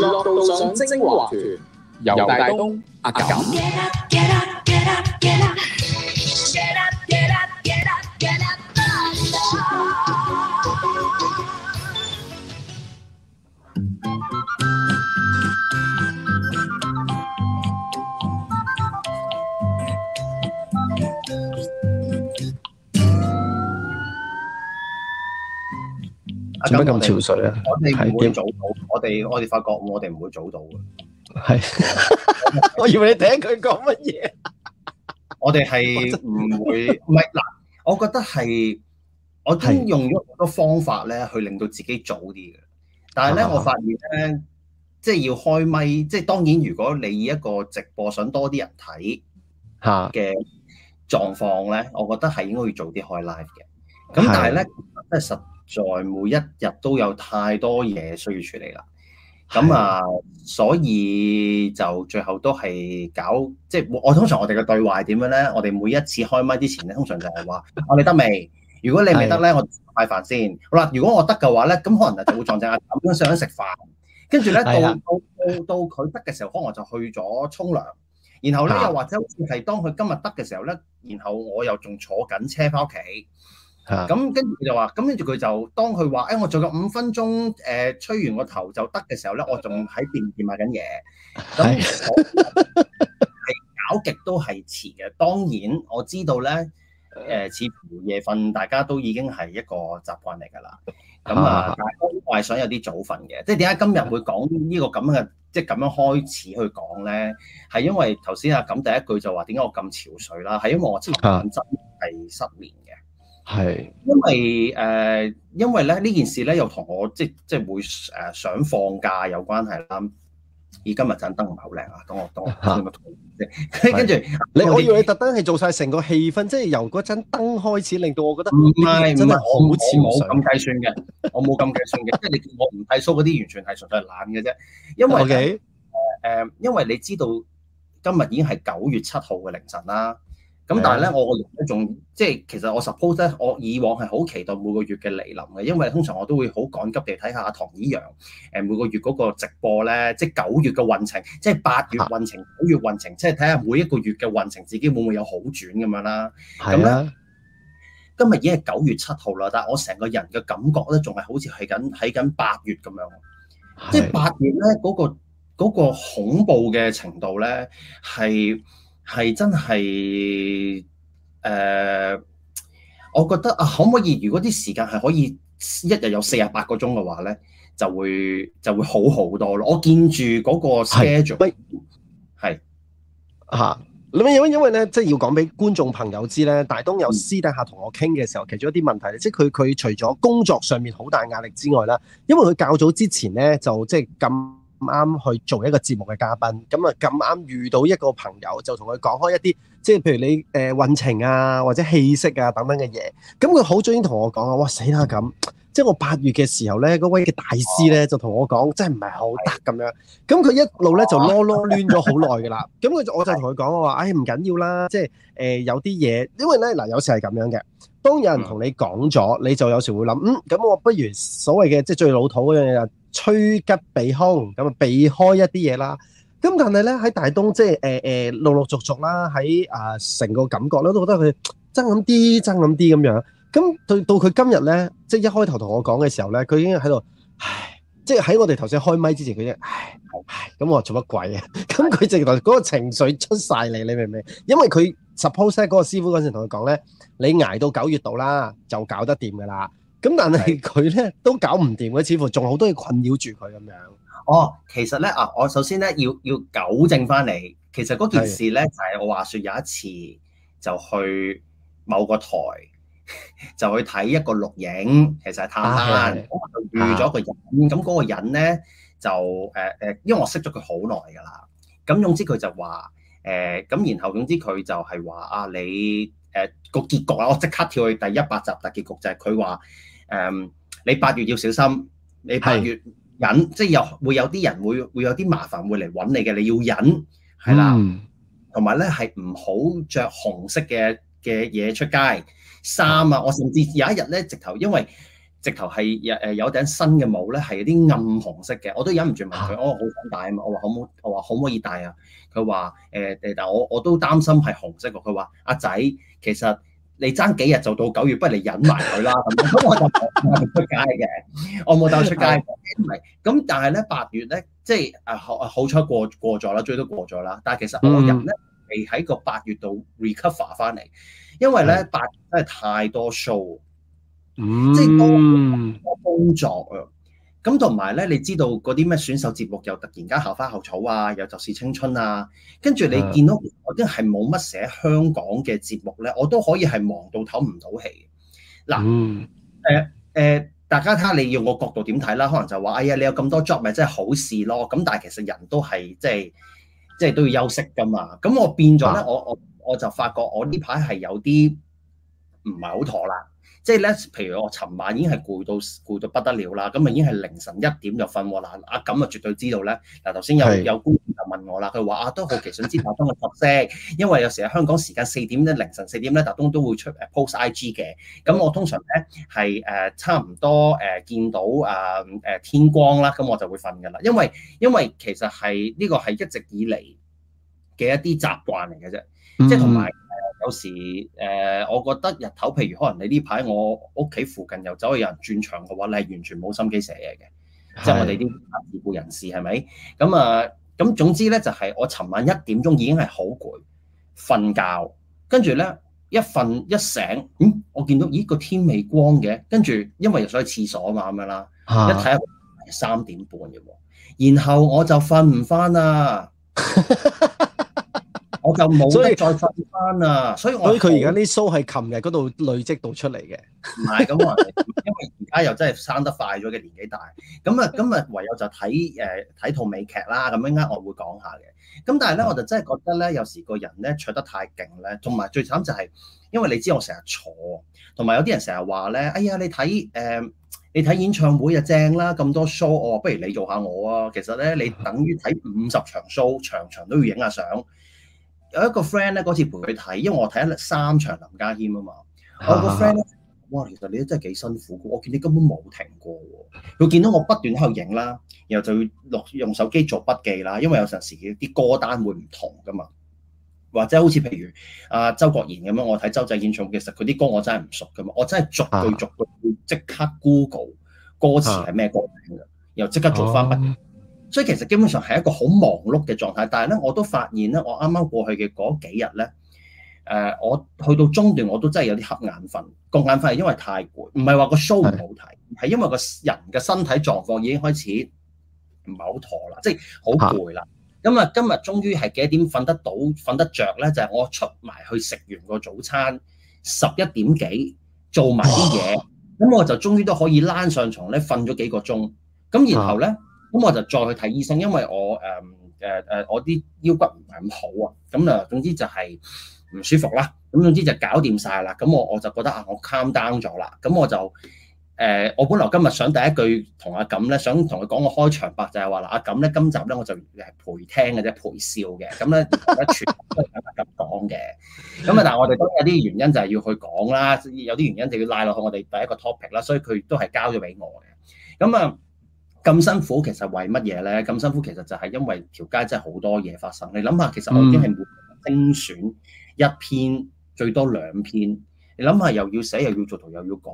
樂道上精華團，由大東阿錦。做咩咁潮水啊？我哋唔會早到，我哋我哋發覺我的，是我哋唔會早到嘅。係， 我以為你聽佢講乜嘢？ 我哋係唔會，唔係嗱，我覺得係我係用咗好多方法咧，去令到自己早啲嘅。但係咧，的我發現咧，即係要開咪。即係當然，如果你以一個直播想多啲人睇嘅狀況咧，的我覺得係應該要早啲開 live 嘅。咁但係咧，即係十。在每一日都有太多嘢需要處理啦，咁啊，的所以就最後都係搞，即係我通常我哋嘅對話點樣咧？我哋每一次開麥之前咧，通常就係話：我哋得未？如果你未得咧，的我嗌飯先。好啦，如果我得嘅話咧，咁可能就就會撞正阿錦咁想食飯，跟住咧到的到到佢得嘅時候，可能我就去咗沖涼，然後咧的又或者係當佢今日得嘅時候咧，然後我又仲坐緊車翻屋企。咁、啊、跟住佢就話，咁跟住佢就當佢話、哎，我做夠五分鐘，誒、呃、吹完個頭就得嘅時候咧，我仲喺店舖買緊嘢，咁係搞極都係遲嘅。當然我知道咧，誒、呃、似乎夜瞓大家都已經係一個習慣嚟㗎啦。咁啊，啊但係我係想有啲早瞓嘅，即係點解今日會講呢個咁樣嘅，即係咁樣開始去講咧？係、啊、因為頭先阿咁第一句就話點解我咁憔悴啦、啊？係因為我昨晚真係失眠嘅。啊啊係，因為誒，因為咧呢件事咧又同我即係即係會誒想放假有關係啦。而今日盞燈唔係好靚啊，咁我當今跟住你可以你特登係做晒成個氣氛，即係由嗰盞燈開始，令到我覺得唔係唔係，我我冇咁計算嘅，我冇咁計算嘅，即係你叫我唔剃鬚嗰啲，完全係純粹係懶嘅啫。因為誒，因為你知道今日已經係九月七號嘅凌晨啦。咁但係咧，是啊、我仲即係其實我 suppose 咧，我以往係好期待每個月嘅嚟臨嘅，因為通常我都會好趕急地睇下唐綺陽誒每個月嗰個直播咧，即係九月嘅運程，即係八月運程、九月運程，即係睇下每一個月嘅運程自己會唔會有好轉咁樣啦。咁咧、啊，今日已經係九月七號啦，但係我成個人嘅感覺咧，仲係好似係緊喺緊八月咁樣。即係八月咧嗰個嗰個恐怖嘅程度咧係。係真係誒、呃，我覺得啊，可唔可以？如果啲時間係可以一日有四十八個鐘嘅話咧，就會就會好好多咯。我見住嗰個 schedule 係啊，咁是是因為因為咧，即係要講俾觀眾朋友知咧，大東有私底下同我傾嘅時候，其中一啲問題咧，即係佢佢除咗工作上面好大壓力之外啦，因為佢較早之前咧就即係咁。咁啱去做一個節目嘅嘉賓，咁啊咁啱遇到一個朋友，就同佢講開一啲，即係譬如你誒運程啊，或者氣息啊等等嘅嘢。咁佢好中意同我講啊，哇死啦咁！即係我八月嘅時候咧，嗰位嘅大師咧就同我講，真係唔係好得咁樣。咁佢一路咧就囉囉攣咗好耐㗎啦。咁佢就我就同佢講，我、哎、話，唉唔緊要啦，即係、呃、有啲嘢，因為咧嗱，有時係咁樣嘅。當有人同你講咗，你就有時會諗，嗯，咁我不如所謂嘅即係最老土嗰樣嘢吹吉避凶，咁啊避開一啲嘢啦。咁但係咧喺大東即係誒誒陸陸續續啦，喺啊成個感覺咧都覺得佢爭咁啲，爭咁啲咁樣。咁到到佢今日咧，即係一開頭同我講嘅時候咧，佢已經喺度，唉，即係喺我哋頭先開咪之前佢啫，唉，唉，咁我做乜鬼啊？咁佢的直頭嗰個情緒出晒嚟，你明唔明？因為佢 suppose 咧嗰個師傅嗰陣同佢講咧，你捱到九月度啦，就搞得掂㗎啦。咁但係佢咧都搞唔掂嘅，似乎仲好多嘢困擾住佢咁樣。哦，其實咧啊，我首先咧要要糾正翻你，其實嗰件事咧的就係我話説有一次就去某個台就去睇一個錄影，其實係探山，的我就遇咗一個人，咁嗰的個人咧就誒誒、呃，因為我識咗佢好耐㗎啦。咁總之佢就話誒，咁、呃、然後總之佢就係話啊你。誒個結局啊！我即刻跳去第一百集大結局，就係佢話誒，你八月要小心，你八月忍，係。即係有會有啲人會會有啲麻煩會嚟揾你嘅，你要忍係啦。同埋咧係唔好着紅色嘅嘅嘢出街。衫、嗯、啊，我甚至有一日咧，直頭因為直頭係誒有頂新嘅帽咧，係啲暗紅色嘅，我都忍唔住問佢、啊哦：我好想戴啊！呃、我話可唔我話可唔可以戴啊？佢話誒誒，但我我都擔心係紅色。佢話阿仔。其實你爭幾日就到九月，不如你忍埋佢啦。咁 我就唔出街嘅，我冇帶我出街的。唔係咁，但係咧八月咧，即係啊好好彩過過咗啦，最多過咗啦。但係其實我人咧未喺個八月度 recover 翻嚟，因為咧八月真係太多 show，嗯，即係多，多工作啊。咁同埋咧，你知道嗰啲咩選秀節目又突然間校花校草啊，又就是青春啊，跟住你見到我啲係冇乜寫香港嘅節目咧，我都可以係忙到唞唔到氣。嗱、嗯呃呃，大家睇下你用我角度點睇啦，可能就話，哎呀，你有咁多 job 咪真係好事咯。咁但係其實人都係即係即係都要休息噶嘛。咁我變咗咧，啊、我我我就發覺我呢排係有啲唔係好妥啦。即係咧，譬如我尋晚已經係攰到攰到不得了啦，咁啊已經係凌晨一點就瞓喎。嗱，阿錦啊絕對知道咧。嗱，頭先是有有觀眾就問我啦，佢話啊都好奇想知道大東嘅作息，因為有時啊香港時間四點咧凌晨四點咧，大東都會出 post IG 嘅。咁我通常咧係誒差唔多誒、呃、見到誒誒、呃呃、天光啦，咁我就會瞓噶啦。因為因為其實係呢、呢個係一直以嚟嘅一啲習慣嚟嘅啫，即係同埋。嗯有時誒、呃，我覺得日頭，譬如可能你呢排我屋企附近又走去有人轉場嘅話，你係完全冇心機寫嘢嘅。即係我哋啲照顧人士係咪？咁啊，咁、呃、總之咧就係、是、我尋晚一點鐘已經係好攰，瞓覺，跟住咧一瞓一醒，嗯，我見到咦個天未光嘅，跟住因為又想去廁所嘛啊嘛咁樣啦，一睇下，三點半咋喎，然後我就瞓唔翻啦。 我就冇得再瞓翻啊，所以所以佢而家啲 show 係琴日嗰度累積到出嚟嘅。唔係咁啊，因為而家又真係生得快咗嘅，年紀大。咁啊，咁啊，唯有就睇誒睇套美劇啦。咁樣啱我會講下嘅。咁但係咧，我就真係覺得咧，有時個人咧灼得太勁咧，同埋最慘就係、是、因為你知我成日坐，同埋有啲人成日話咧，哎呀你睇、呃、你睇演唱會啊正啦，咁多 show，哦，不如你做下我啊。其實咧，你等於睇五十場 show，場場都要影下相。有一個 friend 咧，嗰次陪佢睇，因為我睇咗三場林家謙啊嘛。啊我個 friend 咧，哇，其實你都真係幾辛苦嘅，我見你根本冇停過喎。佢見到我不斷喺度影啦，然後就要落用手機做筆記啦，因為有陣時啲歌單會唔同噶嘛，或者好似譬如阿、啊、周國賢咁樣，我睇周仔演唱嘅時候，佢啲歌我真係唔熟噶嘛，我真係逐句、啊、逐句要即刻 Google 歌詞係咩歌名嘅，又即、啊、刻做翻筆、啊。所以其實基本上係一個好忙碌嘅狀態，但係咧我都發現咧，我啱啱過去嘅嗰幾日咧，誒、呃，我去到中段我都真係有啲瞌眼瞓，個眼瞓係因為太攰，唔係話個 show 唔好睇，係的因為個人嘅身體狀況已經開始唔係好妥啦，即係好攰啦。咁啊，今日終於係幾點瞓得到、瞓得着咧？就係、是、我出埋去食完個早餐，十一點幾做埋啲嘢，咁哇我就終於都可以躝上床，咧，瞓咗幾個鐘。咁然後咧。啊咁我就再去睇醫生，因為我誒誒誒我啲腰骨唔係咁好啊，咁啊總之就係唔舒服啦，咁總之就搞掂晒啦。咁我我就覺得啊，我 calm down 咗啦。咁我就誒、呃，我本來今日想第一句同阿錦咧，想同佢講個開場白，就係話啦，阿錦咧，今集咧我就誒陪聽嘅啫，陪笑嘅。咁咧而全部都喺度咁講嘅。咁啊，但係我哋都有啲原因就係要去講啦，有啲原因就要拉落去我哋第一個 topic 啦，所以佢都係交咗俾我嘅。咁啊～咁辛苦，其實為乜嘢咧？咁辛苦其實就係因為條街真係好多嘢發生。你諗下，其實我已經係每精選一篇、嗯、一篇最多兩篇。你諗下，又要寫，又要做圖，又要改，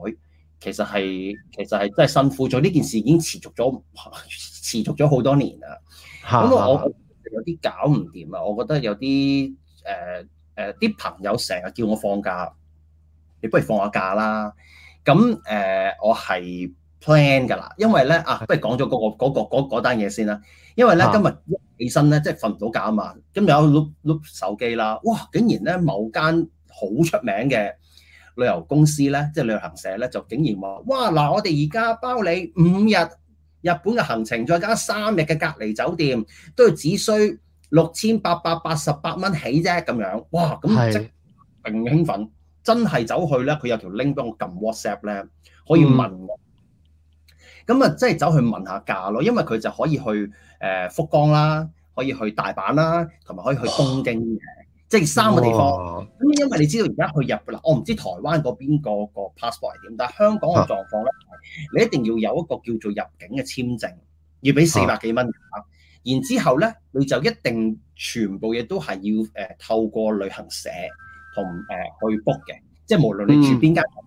其實係其實係真係辛苦咗。呢件事已經持續咗持續咗好多年啦。咁哈我有啲搞唔掂啊！我覺得有啲誒誒啲朋友成日叫我放假，你不如放下假啦。咁誒、呃，我係。plan 㗎啦，因為咧啊，不如講咗嗰個嗰單嘢先啦。因為咧今日一起身咧，即係瞓唔到覺啊嘛，今日有碌碌手機啦，哇！竟然咧某間好出名嘅旅遊公司咧，即係旅行社咧，就竟然話，哇！嗱，我哋而家包你五日日本嘅行程，再加三日嘅隔離酒店，都係只需六千八百八十八蚊起啫，咁樣，哇！咁即係勁興奮，的真係走去咧，佢有條 link 幫我撳 WhatsApp 咧，可以問、嗯。咁啊，即係走去問下價咯，因為佢就可以去誒福岡啦，可以去大阪啦，同埋可以去東京嘅，哇即係三個地方。咁、哦、因為你知道而家去日本，我唔知台灣嗰邊個個 passport 係點，但係香港嘅狀況咧，啊、你一定要有一個叫做入境嘅簽證，要俾四百幾蚊，啊、然之後咧你就一定全部嘢都係要誒透過旅行社同誒、呃、去 book 嘅，即係無論你住邊間、嗯。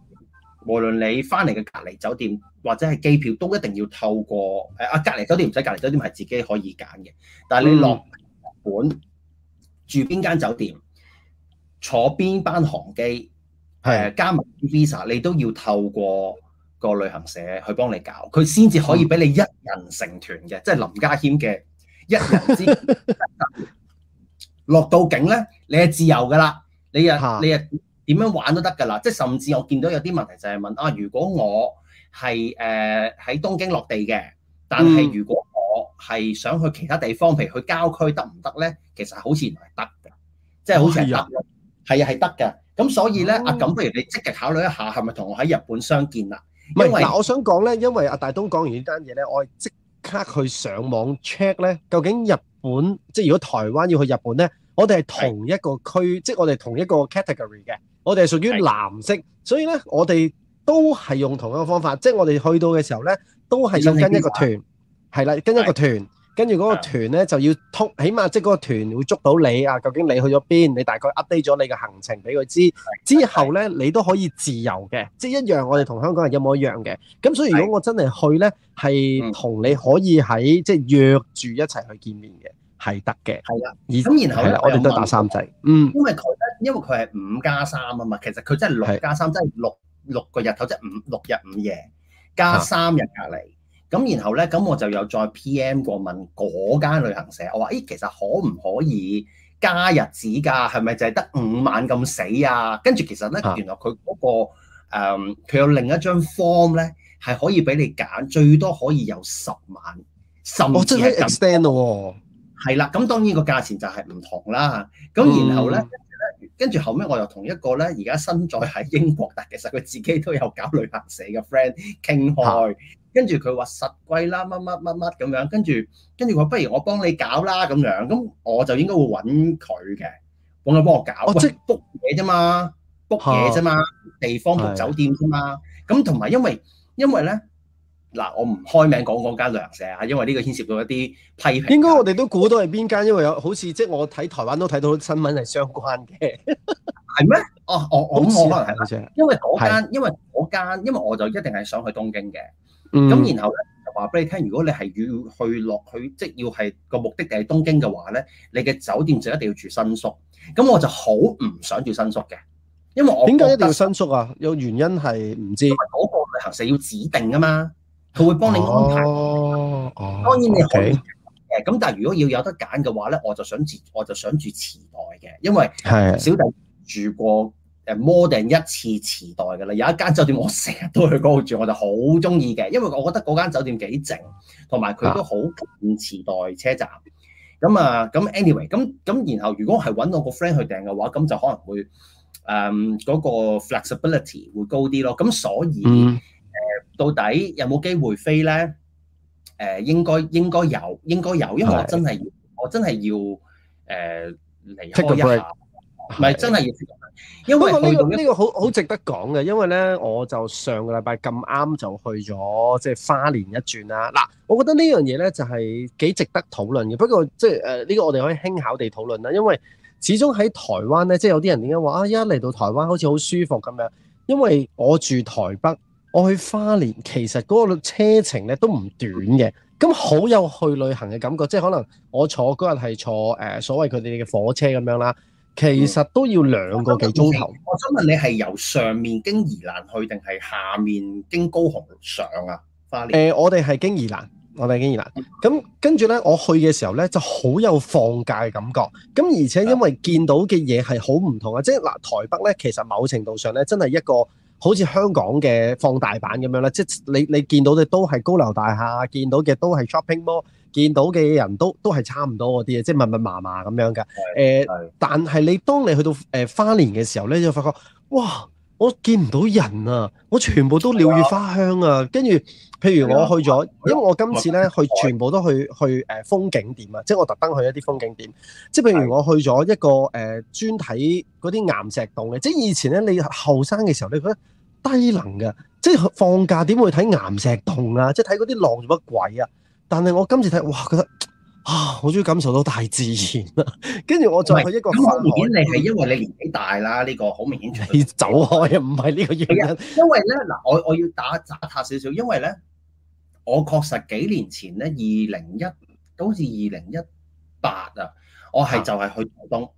無論你翻嚟嘅隔離酒店或者係機票，都一定要透過誒，啊，隔離酒店唔使，隔離酒店係自己可以揀嘅，但係你落本住邊間酒店、坐邊班航機、誒是的 加埋 Visa，你都要透過個旅行社去幫你搞，佢先至可以俾你一人成團嘅，即係是的 林家謙嘅一人之集團 落到境咧，你係自由㗎啦，你啊你啊～點樣玩都得㗎啦，即係甚至我見到有啲問題就係問啊，如果我係誒喺東京落地嘅，但係如果我係想去其他地方，譬如去郊區得唔得咧？其實好似唔係得㗎，即係好似係得，係啊係得㗎。咁所以咧、嗯、啊，咁不如你積極考慮一下，係咪同我喺日本相見啦？唔係嗱，我想講咧，因為阿大東講完呢單嘢咧，我即刻去上網 check 咧，究竟日本即係如果台灣要去日本咧？我哋係同一個區，是即係我哋同一個 category 嘅，我哋係屬於藍色，是所以呢，我哋都係用同一個方法，即係我哋去到嘅時候呢，都係要跟一個團，係啦、啊，跟一個團，跟住嗰個團呢，就要通，的起碼即係嗰個團會捉到你啊！究竟你去咗邊？你大概 update 咗你嘅行程俾佢知道，之後呢，你都可以自由嘅，即係一樣，我哋同香港係一模一樣嘅。咁所以如果我真係去呢，係同你可以喺、嗯、即係約住一齊去見面嘅。係得嘅，係啦。咁然後咧，我哋都打三仔，嗯，因為佢咧，因為佢係五加三啊嘛。3, 其實佢真係六加三，真係六六個日頭，即係五六日五夜加三日隔離。咁、啊、然後咧，咁我就有再 P.M. 過問嗰間旅行社，我話：咦，其實可唔可以加日子㗎？係咪就係得五晚咁死啊？跟住其實咧，原來佢嗰、嗰個佢、呃、有另一張 form 咧，係可以俾你揀，最多可以有十晚，甚至係咁。我、哦、真係 extend 咯。係啦，咁當然個價錢就係唔同啦。咁然後咧，嗯、跟住咧，跟住後尾我又同一個咧，而家身在喺英國，但其實佢自己都有搞旅行社嘅 friend 傾開。跟住佢話實貴啦，乜乜乜乜咁樣。跟住跟住話，不如我幫你搞啦咁樣。咁我就應該會揾佢嘅，揾佢幫我搞。哦、即係 book 嘢啫嘛，book 嘢啫嘛，地方同酒店啫嘛。咁同埋因為因為咧。嗱，我唔開名講嗰間旅行社啊，因為呢個牽涉到一啲批評。應該我哋都估到係邊間，因為有好似即係我睇台灣都睇到新聞係相關嘅，係咩嗎？哦哦，好那可能係啦，因為嗰間，是因為嗰間，因為我就一定係想去東京嘅。咁、嗯、然後咧就話俾你聽，如果你係要去落去，即、就是、要係個目的地係東京嘅話咧，你嘅酒店就一定要住新宿。咁我就好唔想住新宿嘅，因為我點解一定要新宿啊？有原因係唔知道，嗰個旅行社要指定啊嘛。佢會幫你安排。哦，哦當然你好，以咁 okay 但係如果要有得揀嘅話咧，我就想住我就想住池袋嘅，因為小弟住過誒 more than 一次池袋嘅啦。有一間酒店我成日都去嗰度住，我就好中意嘅，因為我覺得嗰間酒店幾靜，同埋佢都好近池袋車站。咁啊的，咁 anyway，咁咁然後如果係揾我個 friend 去訂嘅話，咁就可能會誒嗰、嗯那個 flexibility 會高啲咯。咁所以。嗯到底有冇機會飛呢？誒，應該應該有，應該有，因為我真係要，我真係要，誒，離開一下，唔係真係要，呢個呢個好好值得講嘅，因為呢我就上個禮拜咁啱就去咗即係花蓮一轉啦。嗱，我覺得呢樣嘢呢就係幾值得討論嘅。不過即係呢個我哋可以輕巧地討論啦，因為始終喺台灣呢，即係有啲人點解話啊，一嚟到台灣好似好舒服咁樣，因為我住台北。我去花蓮，其實嗰個車程咧都唔短嘅，咁好有去旅行嘅感覺，即係可能我坐嗰日係坐誒所謂佢哋嘅火車咁樣啦，其實都要兩個幾鐘頭，嗯嗯。我想問你係由上面經宜蘭去定係下面經高雄上啊？花蓮誒、呃，我哋係經宜蘭，我哋係經宜蘭。咁、嗯、跟住咧，我去嘅時候咧就好有放假嘅感覺，咁而且因為見到嘅嘢係好唔同啊，即係嗱台北咧，其實某程度上咧真係一個好似香港嘅放大版咁樣啦。即係你你見到嘅都係高樓大廈，見到嘅都係 shopping mall，見到嘅人都都係差唔多嗰啲嘢，即係密密麻麻咁樣噶。誒，但係你當你去到花蓮嘅時候咧，你就發覺，哇！我見唔到人啊！我全部都鳥語花香啊！跟住，譬如我去咗，因為我今次咧去全部都去去誒風景點啊，即係我特登去一啲風景點。即係譬如我去咗一個誒專睇嗰啲岩石洞嘅，即係以前咧你後生嘅時候你覺得低能㗎。即係放假點會睇岩石洞啊？即係睇嗰啲浪做乜鬼啊？但係我今次睇，哇！覺得～啊，我終於感受到大自然啦！跟住我再去一個山。咁明顯你係因為你年紀大啦，呢、這個好明顯。你走開又唔係呢個原因。啊、因為咧嗱，我我要打窄塔少少，因為咧，我確實幾年前咧，二零一都好似二零一八啊，我係就係去台東，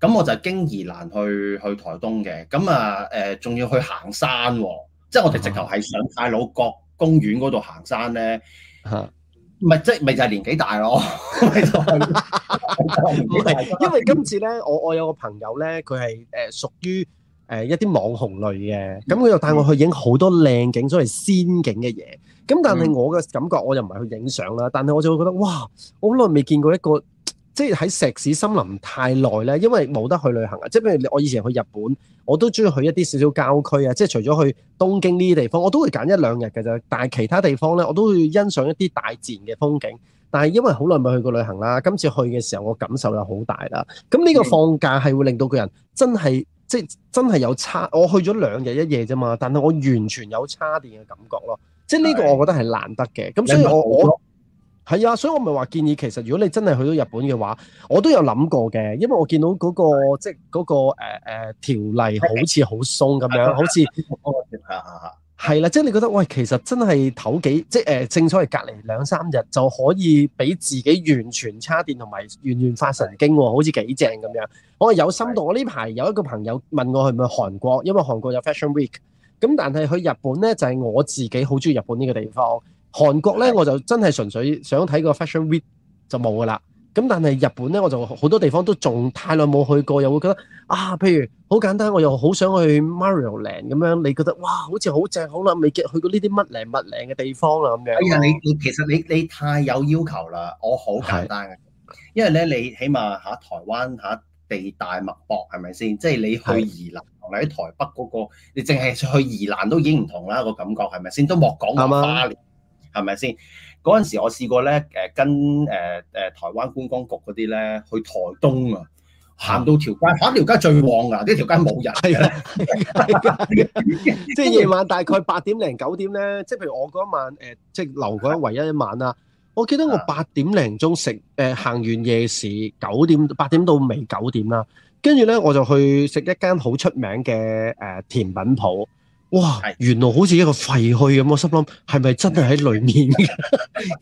咁、啊、我就經宜蘭去去台東嘅。咁啊誒，仲、呃、要去行山、啊，即係我哋直頭係上太魯閣公園嗰度行山咧。嚇、啊！咪即係就係、是、年紀大咯。 因為今次咧，我我有個朋友咧，佢係誒屬於誒一啲網紅類嘅，咁佢又帶我去影好多靚景，所謂仙境嘅嘢。咁但係我嘅感覺，我又唔係去影相啦，但係我就會覺得，哇！我好耐未見過一個。即係喺石屎森林太耐咧，因為冇得去旅行啊！即係譬如我以前去日本，我都中意去一啲少少郊區啊！即係除咗去東京呢啲地方，我都會揀一兩日嘅啫。但係其他地方咧，我都會欣賞一啲大自然嘅風景。但係因為好耐冇去過旅行啦，今次去嘅時候，我感受又好大啦。咁呢個放假係會令到個人真係是的 即係真係有差。我去咗兩日一夜啫嘛，但係我完全有差電嘅感覺咯。即係呢個我覺得係難得嘅。咁是的 所以我我。係啊，所以我咪話建議，其實如果你真係去到日本嘅話，我都有諗過嘅，因為我見到嗰個即係嗰個誒誒條例好似好鬆咁樣，好似安係啦。即係你覺得喂，其實真係唞幾即係正所謂隔離兩三日就可以俾自己完全叉電同埋完全發神經喎，好似幾正咁樣。我係有心動，我呢排有一個朋友問我去唔去韓國，因為韓國有 Fashion Week，咁但係去日本呢，就係我自己好中意日本呢個地方。韓國咧，我就真係純粹想睇個 Fashion Week 就冇噶啦。咁但係日本咧，我就好多地方都仲太耐冇去過，又會覺得啊，譬如好簡單，我又好想去 Mario Land 咁樣。你覺得哇，好似好正好耐未去過呢啲乜零乜零嘅地方啦咁樣。哎呀，你其實你你太有要求啦。我好簡單嘅，是的 因為咧你起碼吓台灣吓地大物博係咪先？即係、就是、你去宜蘭同埋喺台北嗰、那個，你淨係去宜蘭都已經唔同啦個感覺係咪先？都莫講係咪先？嗰陣時我試過咧，誒跟誒誒台灣觀光局嗰啲咧，去台東啊，行到條街，嚇、啊、條街最旺啊，呢條街冇人， 即係夜晚大概八點零九點咧，即係譬如我嗰晚誒，即係留嗰一唯一一晚啦。我記得我八點零鐘食誒行完夜市，九點八點到未九點啦，跟住咧我就去食一間好出名嘅誒甜品鋪。哇，原來好似一個廢墟咁，我心諗係咪真係喺裏面嘅？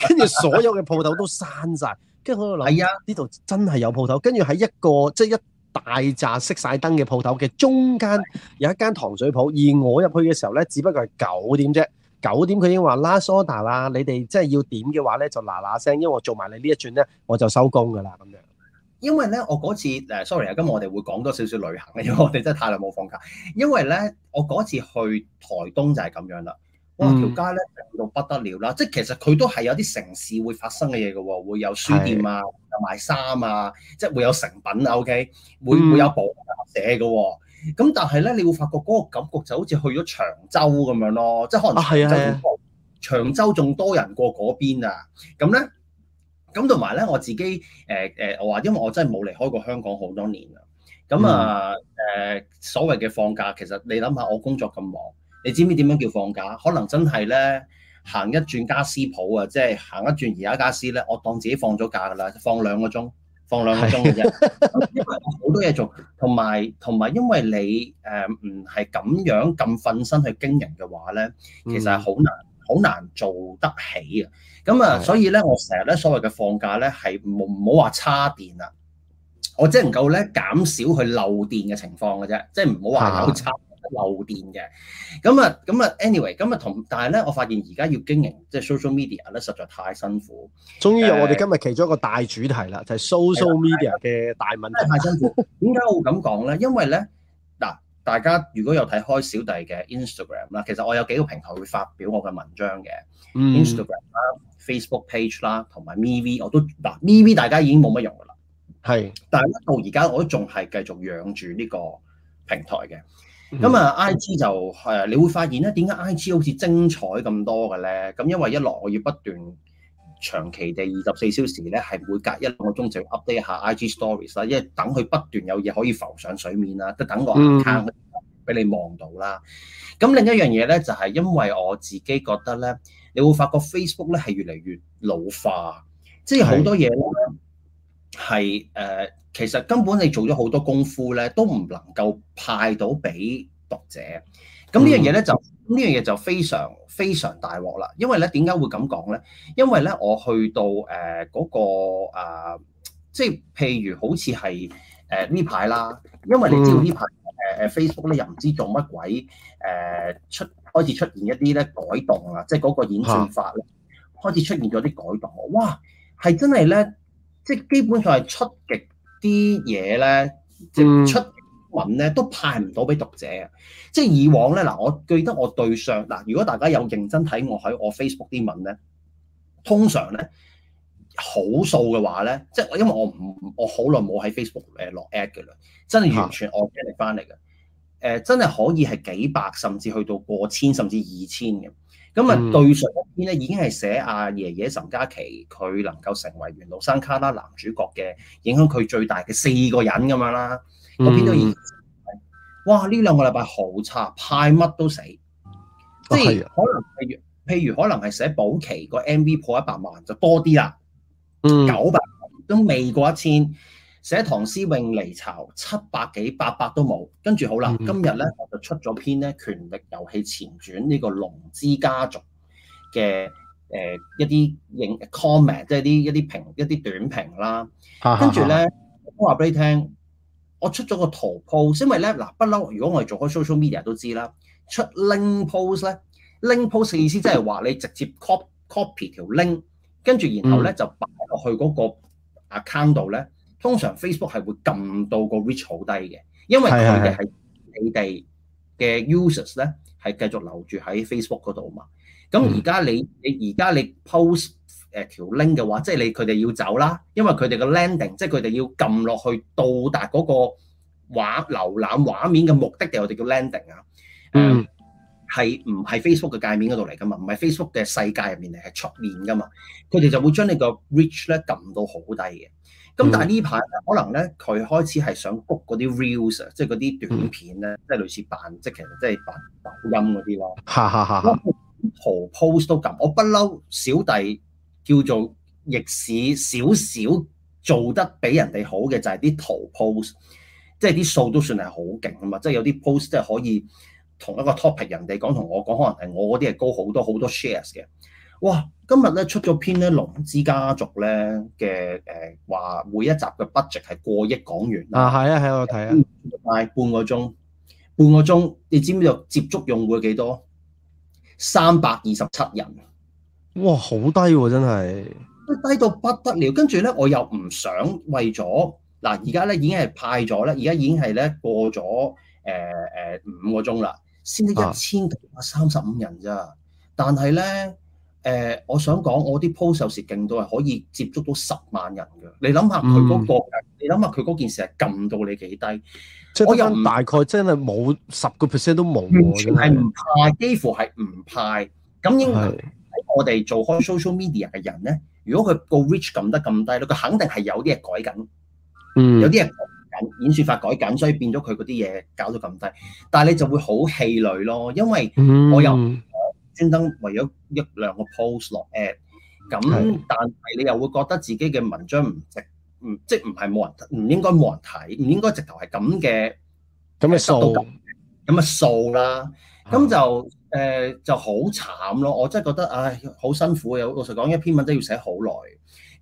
跟 住所有嘅鋪頭都閂晒。跟住喺度啊，呢度真係有鋪頭。跟住喺一個即係、就是、一大扎熄晒燈嘅鋪頭嘅中間，有一間糖水鋪。而我入去嘅時候咧，只不過係九點啫，九點佢已經說 話 last order 啦。你哋即係要點嘅話咧，就嗱嗱聲，因為我做埋你呢一轉咧，我就收工㗎啦咁樣因為咧，我嗰次誒，sorry 啊，今日我哋會講多少少旅行咧，因為我哋真係太耐冇放假。因為咧，我嗰次去台東就係咁樣啦。嗯、哇，條街咧正到不得了啦！即係其實佢都係有啲城市會發生嘅嘢嘅喎，會有書店啊，有賣衫啊，即係會有成品啊，OK，會、嗯、會有保養社嘅喎。咁但係咧，你會發覺嗰個感覺就好似去咗長洲咁樣咯，即係可能係啊係啊，長洲仲的多人過嗰邊啊。咁咧。咁同埋咧，我自己、呃呃、我話、因為我真係冇離開過香港好多年啦。咁啊、嗯呃、所謂嘅放假，其實你諗下，我工作咁忙，你知唔知點樣叫放假？可能真係咧行一轉家私鋪啊，即係行一轉宜家家私咧，我當自己放咗假噶啦，放兩個鐘，放兩個鐘嘅啫。因為好是 多嘢做，同埋同埋，因為你唔係咁樣咁奮身去經營嘅話咧，其實係好難好、嗯、難做得起啊。咁啊，嗯、所以咧，我成日咧所謂嘅放假咧，係唔好話叉電啊，我只係能夠咧減少佢漏電嘅情況嘅啫，即係唔好話有叉電漏電嘅。咁啊，咁啊，anyway，今日同，但係咧，我發現而家要經營即係 social media 咧，實在太辛苦。終於有我哋今日其中一個大主題啦，就係 social media 嘅大問題。太辛苦。點解 我會咁講咧？因為咧嗱，大家如果有睇開小弟嘅 Instagram 啦，其實我有幾個平台會發表我嘅文章嘅，Instagram、嗯 Facebook page 啦，同埋 MeV 我都嗱 MeV 大家已經冇乜用噶啦，係是，但係到而家我都仲係繼續養住呢個平台嘅。咁啊、嗯、IG 就誒，你會發現咧，點解 IG 好似精彩咁多嘅咧？咁因為一來我要不斷長期地二十四小時咧，係每隔一兩個鐘就要 update 一下 IG stories 啦，因為等佢不斷有嘢可以浮上水面啦，即等個 account 俾你望到啦。咁、嗯、另一樣嘢咧，就係、是、因為我自己覺得咧。你會發覺 Facebook 咧係越嚟越老化，即係好多嘢咧係其實根本你做咗好多功夫咧，都唔能夠派到俾讀者。咁呢樣嘢咧就呢樣嘢就非常非常大鑊啦。因為咧點解會咁講咧？因為咧我去到誒嗰、呃嗰個、呃、即係譬如好似係誒呢排啦，因為你知道呢排誒誒 Facebook 咧又唔知做乜鬼誒出。開始出現一啲咧改動啦，即係嗰個演算法咧、啊、開始出現咗啲改動。哇，係真係咧，即、就是、基本上係出極啲嘢咧，即、就、係、是、出文咧都派唔到俾讀者、嗯、即以往咧嗱，我記得我對上嗱，如果大家有認真睇我喺我 Facebook 啲文咧，通常咧好數嘅話咧，即因為我唔我好耐冇喺 Facebook 落 App 㗎啦，真係完全我翻嚟嘅。啊誒、呃、真係可以係幾百，甚至去到過千，甚至二千嘅。咁啊，對上一邊咧，已經係寫阿、啊、爺爺岑珈其，佢能夠成為《緣路山旮旯》男主角嘅影響，佢最大嘅四個人咁樣啦。嗰邊都已經哇！呢兩個禮拜好差，派乜都死，即係可能譬如譬如，可能係、啊啊、寫保錡個 M V 破一百萬就多啲啦，九百、嗯、都未過一千。寫唐詩詠離巢，七百幾八百都冇。跟住好啦，今日咧我就出咗篇咧《權力遊戲前傳》呢個龍之家族嘅誒、呃、一啲影 comment，即係啲一啲評一啲短評啦。跟住咧，我話俾你聽，我出咗個圖 post，因為咧嗱，不嬲。如果我哋做開 social media 都知啦，出 link post 咧，link post 嘅意思即係話你直接 copy、嗯、copy 條 link，跟住然後咧就擺落去嗰個 account 度咧。通常 Facebook 係會撳到個 reach 好低嘅，因為佢哋係你哋嘅 users 咧係繼續留住喺 Facebook 嗰度嘛。咁而家你你而家你 post 誒、啊、條 link 嘅話，即係你佢哋要走啦，因為佢哋嘅 landing 即係佢哋要撳落去到達嗰個畫瀏覽畫面嘅目的地，我哋叫 landing 啊，係唔係、嗯嗯、Facebook 嘅界面嗰度嚟㗎嘛？唔係 Facebook 嘅世界入面嚟，係出面㗎嘛？佢哋就會將你個 reach 咧撳到好低嘅。咁、嗯、但係呢排可能咧，佢開始係想谷嗰啲 reels，即係嗰啲短片咧、嗯，即係類似扮，即係其實即係扮抖音嗰啲咯。哈，哈，哈，哈，哈哈嚇！圖 post 都咁，我不嬲小弟叫做逆市少少做得比人哋好嘅就係啲圖 post，即係啲數都算係好勁啊嘛！即係有啲 post 即係可以同一個 topic，人哋講同我講，可能係我嗰啲係高好多好多 shares 嘅。哇！今日咧出咗篇咧《龍之家族呢》咧嘅誒話，呃、每一集嘅 budget 係過億港元啊！係啊，喺度睇啊，派、啊、半個鐘，半個鐘，你知唔知道？接觸用戶幾多？三百二十七人。哇！好低喎、啊，真係都低到不得了。跟住咧，我又唔想為咗嗱，而家咧已經係派咗咧，而家已經係咧過咗誒誒五個鐘啦，先得一千九百三十五人咋？但係咧。誒、呃，我想講，我啲 post 有時勁到係可以接觸到十萬人嘅，你諗下佢嗰個，嗯、你諗下佢嗰件事係撳到你幾低，嗯、我又大概真係冇十個 percent 都冇，完全係唔派，幾乎係唔派。咁應該係我哋做開 social media 嘅人咧，如果佢個 reach 撳得咁低咧，佢肯定係有啲嘢改緊，嗯、有啲嘢演説法改緊，所以變咗佢嗰啲嘢搞到咁低。但係你就會好氣餒咯，因為我又。嗯專登為咗一兩個 post 落 at，咁但係你又會覺得自己嘅文章唔值，唔的即係唔係冇人，唔應該冇人睇，唔應該直頭係咁嘅咁嘅數，咁嘅、咁嘅、數啦，咁就誒、嗯呃、就好慘咯！我真係覺得，唉，好辛苦嘅。老實講，一篇文都要寫好耐。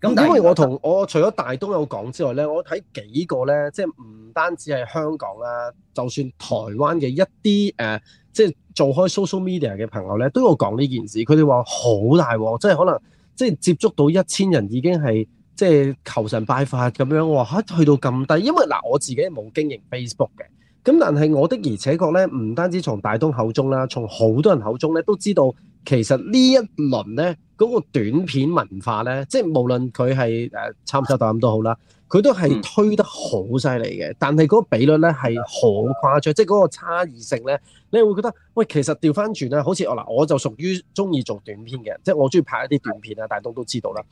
咁，因為我同我除咗大東有講之外咧，我睇幾個咧，即係唔單止係香港啦，就算台灣嘅一啲誒、呃，即係。做開 social media 嘅朋友咧，都有講呢件事，佢哋話好大鑊，即係可能即係接觸到一千人已經係即係求神拜佛咁樣喎，啊，去到咁低，因為嗱我自己冇經營 Facebook 嘅，咁但係我的而且確咧，唔單止從大東口中啦，從好多人口中咧都知道。其實這一輪呢一輪咧，嗰、那個短片文化咧，即係無論佢係誒參差度咁都好啦，佢都係推得好犀利嘅。但係嗰個比率咧係好誇張，即係嗰個差異性咧，你會覺得喂，其實調翻轉咧，好似我嗱，我就屬於中意做短片嘅，即係我中意拍一啲短片啊。大家都都知道啦，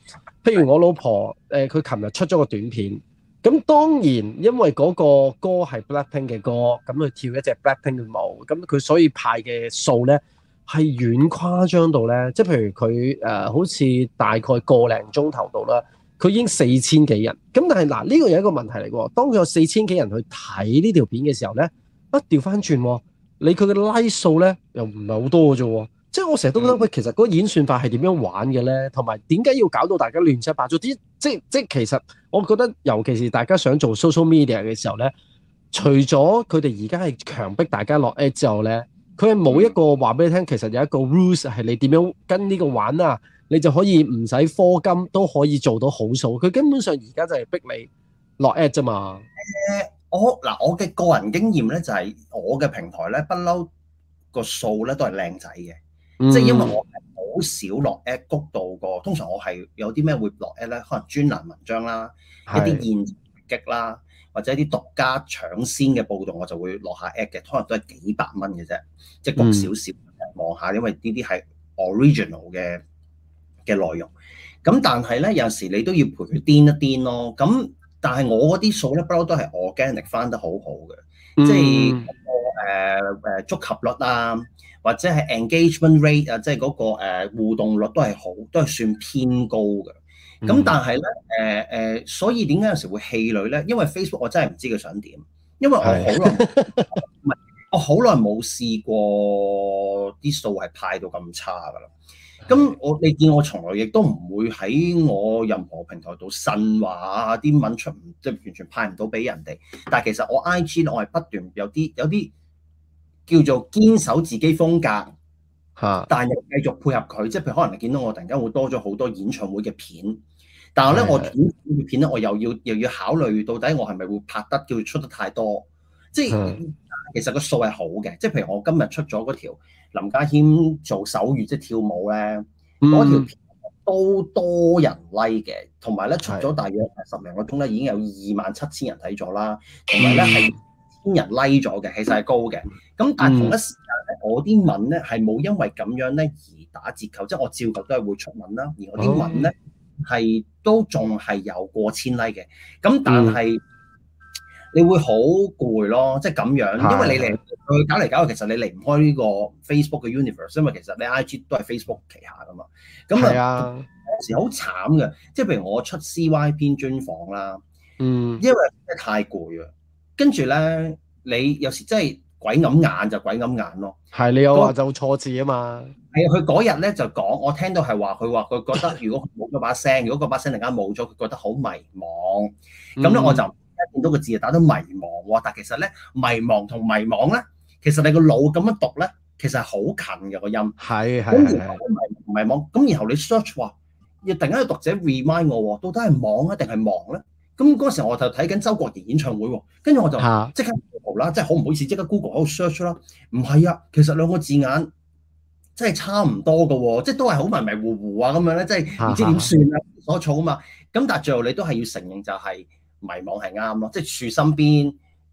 譬如我老婆誒，佢琴日出咗個短片，咁當然因為嗰個歌係 Blackpink 嘅歌，咁佢跳一隻 Blackpink 嘅舞，咁佢所以派嘅數咧。係遠誇張到咧，即係譬如佢誒、呃，好似大概個零鐘頭度啦，佢已經四千幾人。咁但係嗱，呢、呢個有一個問題嚟喎。當佢有四千幾人去睇呢條片嘅時候咧，一掉返轉，你佢嘅 like 數咧又唔係好多嘅啫。即係我成日都諗，喂、嗯、其實個演算法係點樣玩嘅咧？同埋點解要搞到大家亂七八糟？啲即係即其實我覺得，尤其是大家想做 social media 嘅時候咧，除咗佢哋而家係強迫大家落 app 之後咧。佢係冇一個話俾你聽，嗯、其實有一個 rules 係你點樣跟呢個玩啊，你就可以唔使課金都可以做到好數。佢根本上而家就係逼你落 ad 啫嘛。誒，我嗱我嘅個人經驗咧就係、是、我嘅平台咧不嬲個數咧都係靚仔嘅，即係、嗯、因為我係好少落 ad 谷度過。通常我係有啲咩會落 ad 咧，可能專欄文章啦，是一啲現擊啦。或者啲獨家搶先嘅報道，我就會落下 a p p 嘅，通常都係幾百蚊嘅啫，即係焗少少望下，因為呢啲係 original 嘅嘅內容。咁但係咧，有時你都要陪佢癲一癲咯。咁但係我嗰啲數咧，不嬲都係我 generate 翻得很好好嘅，即係、嗯、那個誒誒、呃呃、觸及率啊，或者係 engagement rate 啊，即係嗰個、呃、互動率都係好，都係算偏高嘅。咁、嗯、但係咧，誒、呃、誒，所以點解有時會氣餒咧？因為 Facebook 我真係唔知佢想點，因為我好耐，唔係是的 我好耐冇試過啲數係派到咁差㗎喇。咁是的 我你見我從來亦都唔會喺我任何平台度呻話啊啲文出唔即係完全派唔到俾人哋。但係其實我 IG 我係不斷有啲有啲叫做堅守自己風格吓，但係繼續配合佢，即係譬如可能你見到我突然間會多咗好多演唱會嘅片。但係咧，是是我剪片咧，我又要又要考慮到底我係咪會拍得叫出得太多？即係是其實個數係好嘅，即係譬如我今日出咗嗰條林家謙做手語即係、就是、跳舞咧，嗰、嗯、條片都多人 like 嘅，同埋咧出咗大約十零個鐘咧已經有二萬七千人睇咗啦，同埋咧係千人 like 咗嘅，其實係高嘅。咁但係同一時間、嗯、我啲文咧係冇因為咁樣咧而打折扣，即係我照舊都係會出文啦，而我啲文咧。係都仲係有過千 like 嘅，咁但係、嗯、你會好攰咯，即係咁樣，因為你嚟搞嚟搞去，其實你離唔開呢個 Facebook 嘅 universe，因為其實你 IG 都係 Facebook 旗下噶嘛，咁啊有時好慘嘅，即係譬如我出 CYP 專訪啦，嗯，因為太攰啊，跟住咧你有時真係鬼揞眼就鬼揞眼咯，係你有話就錯字啊嘛。那嗯係佢嗰日咧就講，我聽到係話佢話佢覺得如果冇咗把聲， 如果個把聲突然間冇咗，佢覺得好迷茫。咁咧、嗯、我就見到個字就打到迷茫喎。但其實咧，迷茫同迷惘咧，其實你個腦咁樣讀咧，其實係好近嘅個音。係係係。咁然後迷迷惘，咁然後你 search 話，又突然間個讀者 remind 我，到底係惘啊定係忙咧？咁嗰時候我就睇緊周國賢演唱會喎，跟住我就即刻啦，即係好唔好意思，即刻 Google 喺度 search 啦。唔係啊，其實兩個字眼。真係差唔多嘅喎，即係都係好迷迷糊糊啊咁樣咧，即係唔知點算啊，所措啊嘛。咁但係最後你都係要承認，就係迷茫係啱咯。即係處身邊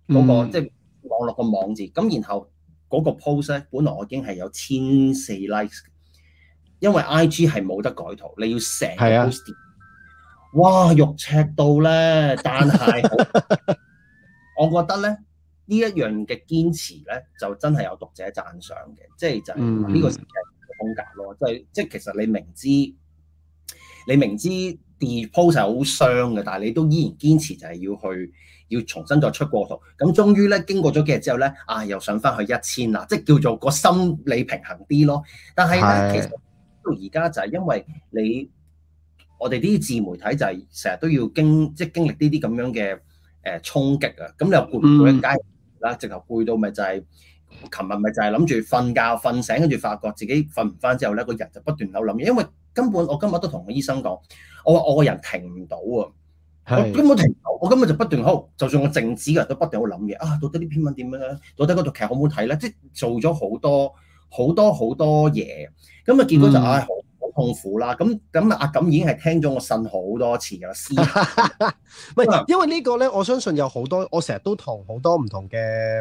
嗰、嗰個即係網絡個網字。咁然後嗰個 post 咧，本來我已經係有千四 likes，因為 IG 係冇得改圖，你要成 post。係啊。哇，肉赤到咧，但係 我覺得咧。這呢一樣嘅堅持咧，就真係有讀者讚賞嘅，即係就係、是、呢個性格嘅風格咯。就是、即係即係其實你明知你明知 deposit 好傷嘅，但係你都依然堅持就係要去要重新再出過圖。咁終於咧，經過咗幾日之後咧，啊又上翻去一千啦，即係叫做個心理平衡啲咯。但係咧，是 其實到而家就係因為你我哋啲自媒體就係成日都要經即係經歷呢啲咁樣嘅誒衝擊啊。咁你又過唔過得街？嗱，直頭攰到咪就係、是，琴日咪就係諗住瞓覺，瞓醒跟住發覺自己瞓唔翻之後咧，個人就不斷喺度諗嘢，因為根本我今日都同個醫生講，我話我個人停唔到啊，是我根本停唔到，我根本就不斷哭，就算我靜止嘅人都不斷喺度諗嘢，啊到底呢篇文點樣咧？到底嗰套劇好唔好睇咧？即係做咗好多好多好多嘢。咁啊見到就唉、嗯痛苦啦，咁咁阿錦已經係聽咗我呻好多次噶啦，唔 係 因為呢個咧， 我相信有好多，我成日都同好多唔同嘅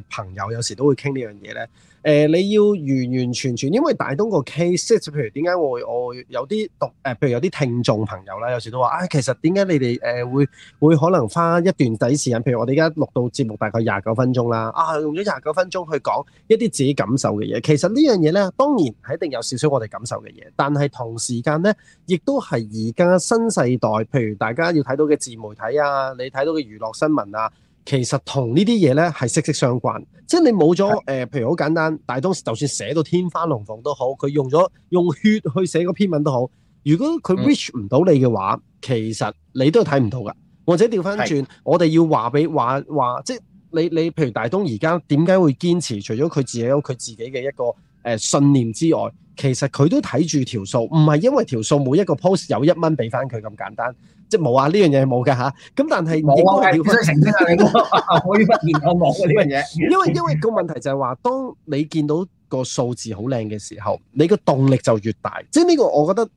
朋友，有時都會傾呢樣嘢咧。誒、呃、你要完完全全，因為大東個 case，譬如點解我會我有啲讀誒、呃，譬如有啲聽眾朋友啦，有時都話啊，其實點解你哋誒、呃、會會可能花一段底時間？譬如我哋而家錄到節目大概廿九分鐘啦，啊用咗廿九分鐘去講一啲自己感受嘅嘢，其實呢樣嘢咧，當然係一定有少少我哋感受嘅嘢，但係同時間咧，亦都係而家新世代，譬如大家要睇到嘅自媒體啊，你睇到嘅娛樂新聞啊。其實同呢啲嘢咧係息息相關，即係你冇咗誒，譬如好簡單，大東就算寫到天花龍鳳都好，佢用咗用血去寫個篇文都好。如果佢 reach 唔到你嘅話，嗯、其實你都睇唔到噶。或者調翻轉，是的 我哋要話俾話話即係你你譬如大東而家點解會堅持？除咗佢自己有佢自己嘅一個誒信念之外。其實佢都睇住條數，唔係因為條數每一個 post 有一蚊，俾翻佢咁簡單，即係冇啊呢樣嘢冇嘅吓。咁但係亦成可以不斷咁望呢樣嘢。因為因為個問題就係話，當你見到個數字好靚嘅時候，你個動力就越大。即係呢個我覺得。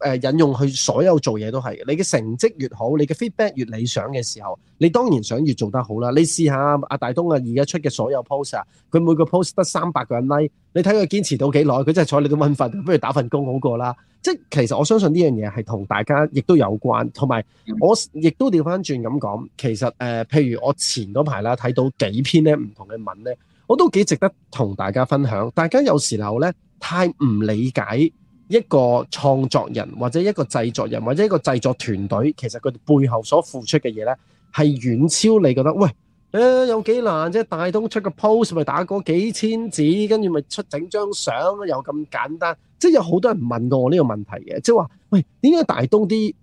誒引用佢所有做嘢都係，你嘅成績越好，你嘅 feedback 越理想嘅時候，你當然想越做得好啦。你試下阿大東啊，而家出嘅所有 post 啊，佢每個 post 得三百個人 like，你睇佢堅持到幾耐，佢真係坐你嘅温瞓，不如打份工好過啦。即係其實我相信呢樣嘢係同大家亦都有關，同埋我亦都調翻轉咁講，其實誒、呃，譬如我前嗰排啦，睇到幾篇咧唔同嘅文咧，我都幾值得同大家分享。大家有時候咧太唔理解。一個創作人或者一個製作人或者一個製作團隊，其實佢背後所付出嘅嘢呢，係遠超你覺得，喂，誒、欸、有幾難啫？大東出個 post 咪打嗰幾千字，跟住咪出整張相又咁簡單，即係有好多人問過我呢個問題嘅，即係話，喂，點解大東啲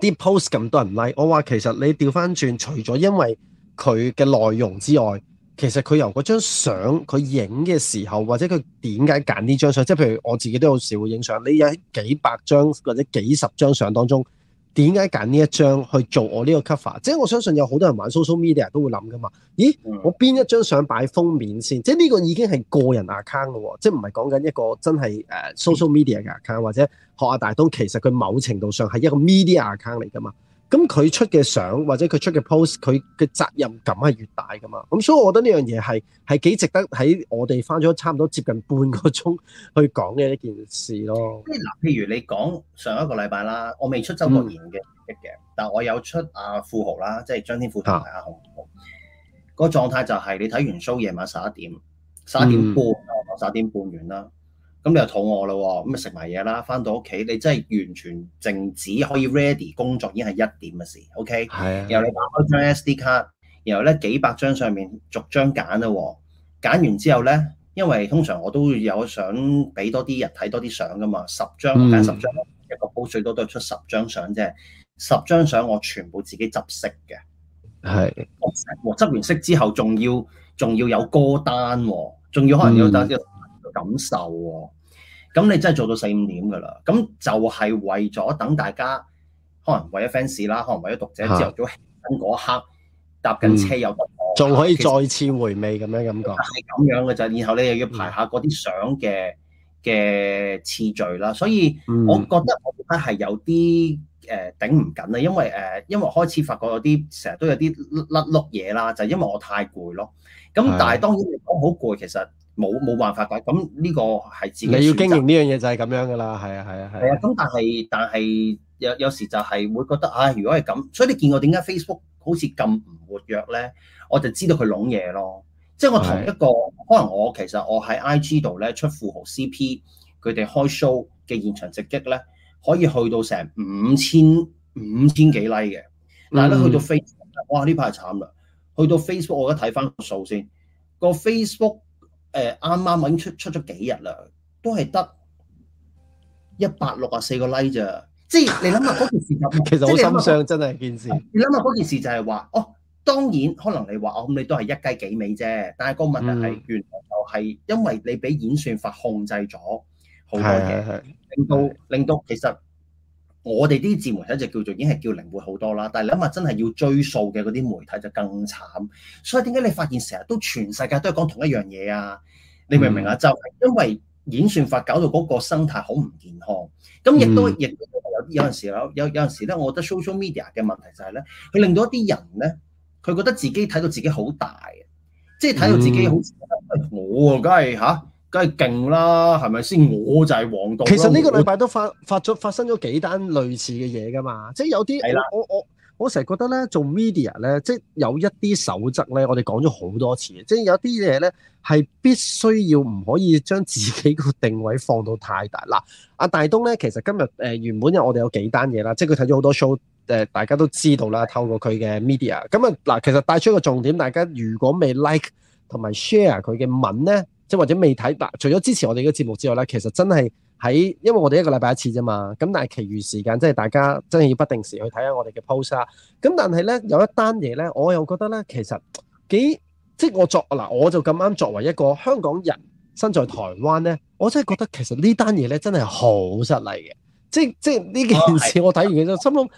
啲 post 咁多人嚟、like？我話其實你調翻轉，除咗因為佢嘅內容之外。其實佢由嗰張相，佢影嘅時候，或者佢點解揀呢張相？即係譬如我自己都有時會影相，你喺幾百張或者幾十張相當中，點解揀呢一張去做我呢個 cover？即係我相信有好多人玩 social media 都會諗㗎嘛。咦，我邊一張相擺封面先？即係呢個已經係個人 account 喎，即係唔係講緊一個真係 social media account 或者學下大東，其實佢某程度上係一個 media account 嚟㗎嘛。咁佢出嘅相或者佢出嘅 post，佢嘅責任感係越大噶嘛，咁所以我覺得呢樣嘢係係幾值得喺我哋翻咗差唔多接近半個鐘去講嘅一件事咯。即係嗱，譬如你講上一個禮拜啦，我未出周國賢嘅嘅，但我有出阿賦豪啦，即係張天賦同埋阿紅紅個狀態就係你睇完 show 夜晚十一點、十一點半，十一點半完啦。咁你又肚餓啦喎，咁咪食埋嘢啦，翻到屋企，你真係完全靜止可以 ready 工作已經係一點嘅事，OK？係。是啊、然後你打開張 SD 卡，然後咧幾百張上面逐張揀啦喎，揀完之後咧，因為通常我都有想俾多啲人睇多啲相噶嘛，十張揀十張，一個 post 最多都出十張相啫，十張相我全部自己執色嘅，係。執完色之後要，仲要仲要有歌單，仲要可能有得、嗯感受喎、啊，咁你真係做到四五點噶啦，咁就係為咗等大家，可能為咗 fans 啦，可能為咗讀者朝頭的早起身嗰刻搭緊車又得，仲、嗯、可以再次回味咁樣感覺。係咁樣嘅就，然後你又要排下嗰啲相嘅嘅次序啦，所以我覺得我而家係有啲、呃、頂唔緊啦，因為、呃、因為開始發覺有啲成日都有啲甩碌嘢啦，就係、因為我太攰咯。咁但係當然你講好攰其實。冇冇辦法㗎，咁呢個係自己你要經營呢樣嘢就係咁樣㗎啦。係啊，係啊，係啊。咁、啊、但係但係有有時就係會覺得啊、哎，如果係咁，所以你見我點解 Facebook 好似咁唔活躍咧？我就知道佢攏嘢咯。即係我同一個、啊、可能我其實我喺 I G 度咧出賦豪 C P 佢哋開 show 嘅現場直擊咧，可以去到成五千五千幾 like 嘅，但係咧、嗯、去到 Facebook 哇呢排慘啦，去到 Facebook 我而家睇翻個數先個 Facebook。誒，啱啱已經出出咗幾日啦，都係得一百六啊四個 like 咋。即係你諗下嗰件事，其實好心傷真係件事。你諗下嗰件事就係話，哦，當然可能你話我咁你都係一雞幾尾啫。但係個問題係，嗯、原來就係因為你俾演算法控制咗好多嘢，是是是令到令到其實我哋啲自媒體就叫做已經係叫靈活好多啦。但係你諗下，真係要追數嘅嗰啲媒體就更慘。所以點解你發現成日都全世界都係講同一樣嘢啊？你明唔明啊？就係、因為演算法搞到嗰個生態好唔健康，咁亦都亦都有啲有陣時啦，有有陣時咧，我覺得 social media 嘅問題就係、係、咧，佢令到一啲人咧，佢覺得自己睇到自己好大嘅，即係睇到自己好，嗯、我啊，梗係吓，梗係勁啦，係咪先？我就係王道。其實呢個禮拜都發發咗發生咗幾單類似嘅嘢㗎嘛，即係有啲係啦，我我。我成日覺得咧做 media 咧，即係有一啲守則咧，我哋講咗好多次，即係有啲嘢咧係必須要唔可以將自己個定位放到太大。嗱，阿大東咧，其實今日誒、呃、原本有我哋有幾單嘢啦，即係佢睇咗好多 show，、呃、大家都知道啦，透過佢嘅 media。咁啊嗱，其實帶出一個重點，大家如果未 like 同埋 share 佢嘅文咧，即係或者未睇嗱，除咗支持我哋嘅節目之外咧，其實真係～喺，因為我哋一個禮拜一次啫嘛，咁但係其餘時間即係大家真係要不定時去睇下我哋嘅 post 啦。咁但係咧有一單嘢咧，我又覺得咧其實幾，即係我作嗱我就咁啱作為一個香港人身在台灣咧，我真係覺得其實這事呢單嘢咧真係好失禮嘅。即即係呢件事我睇完嘅心諗，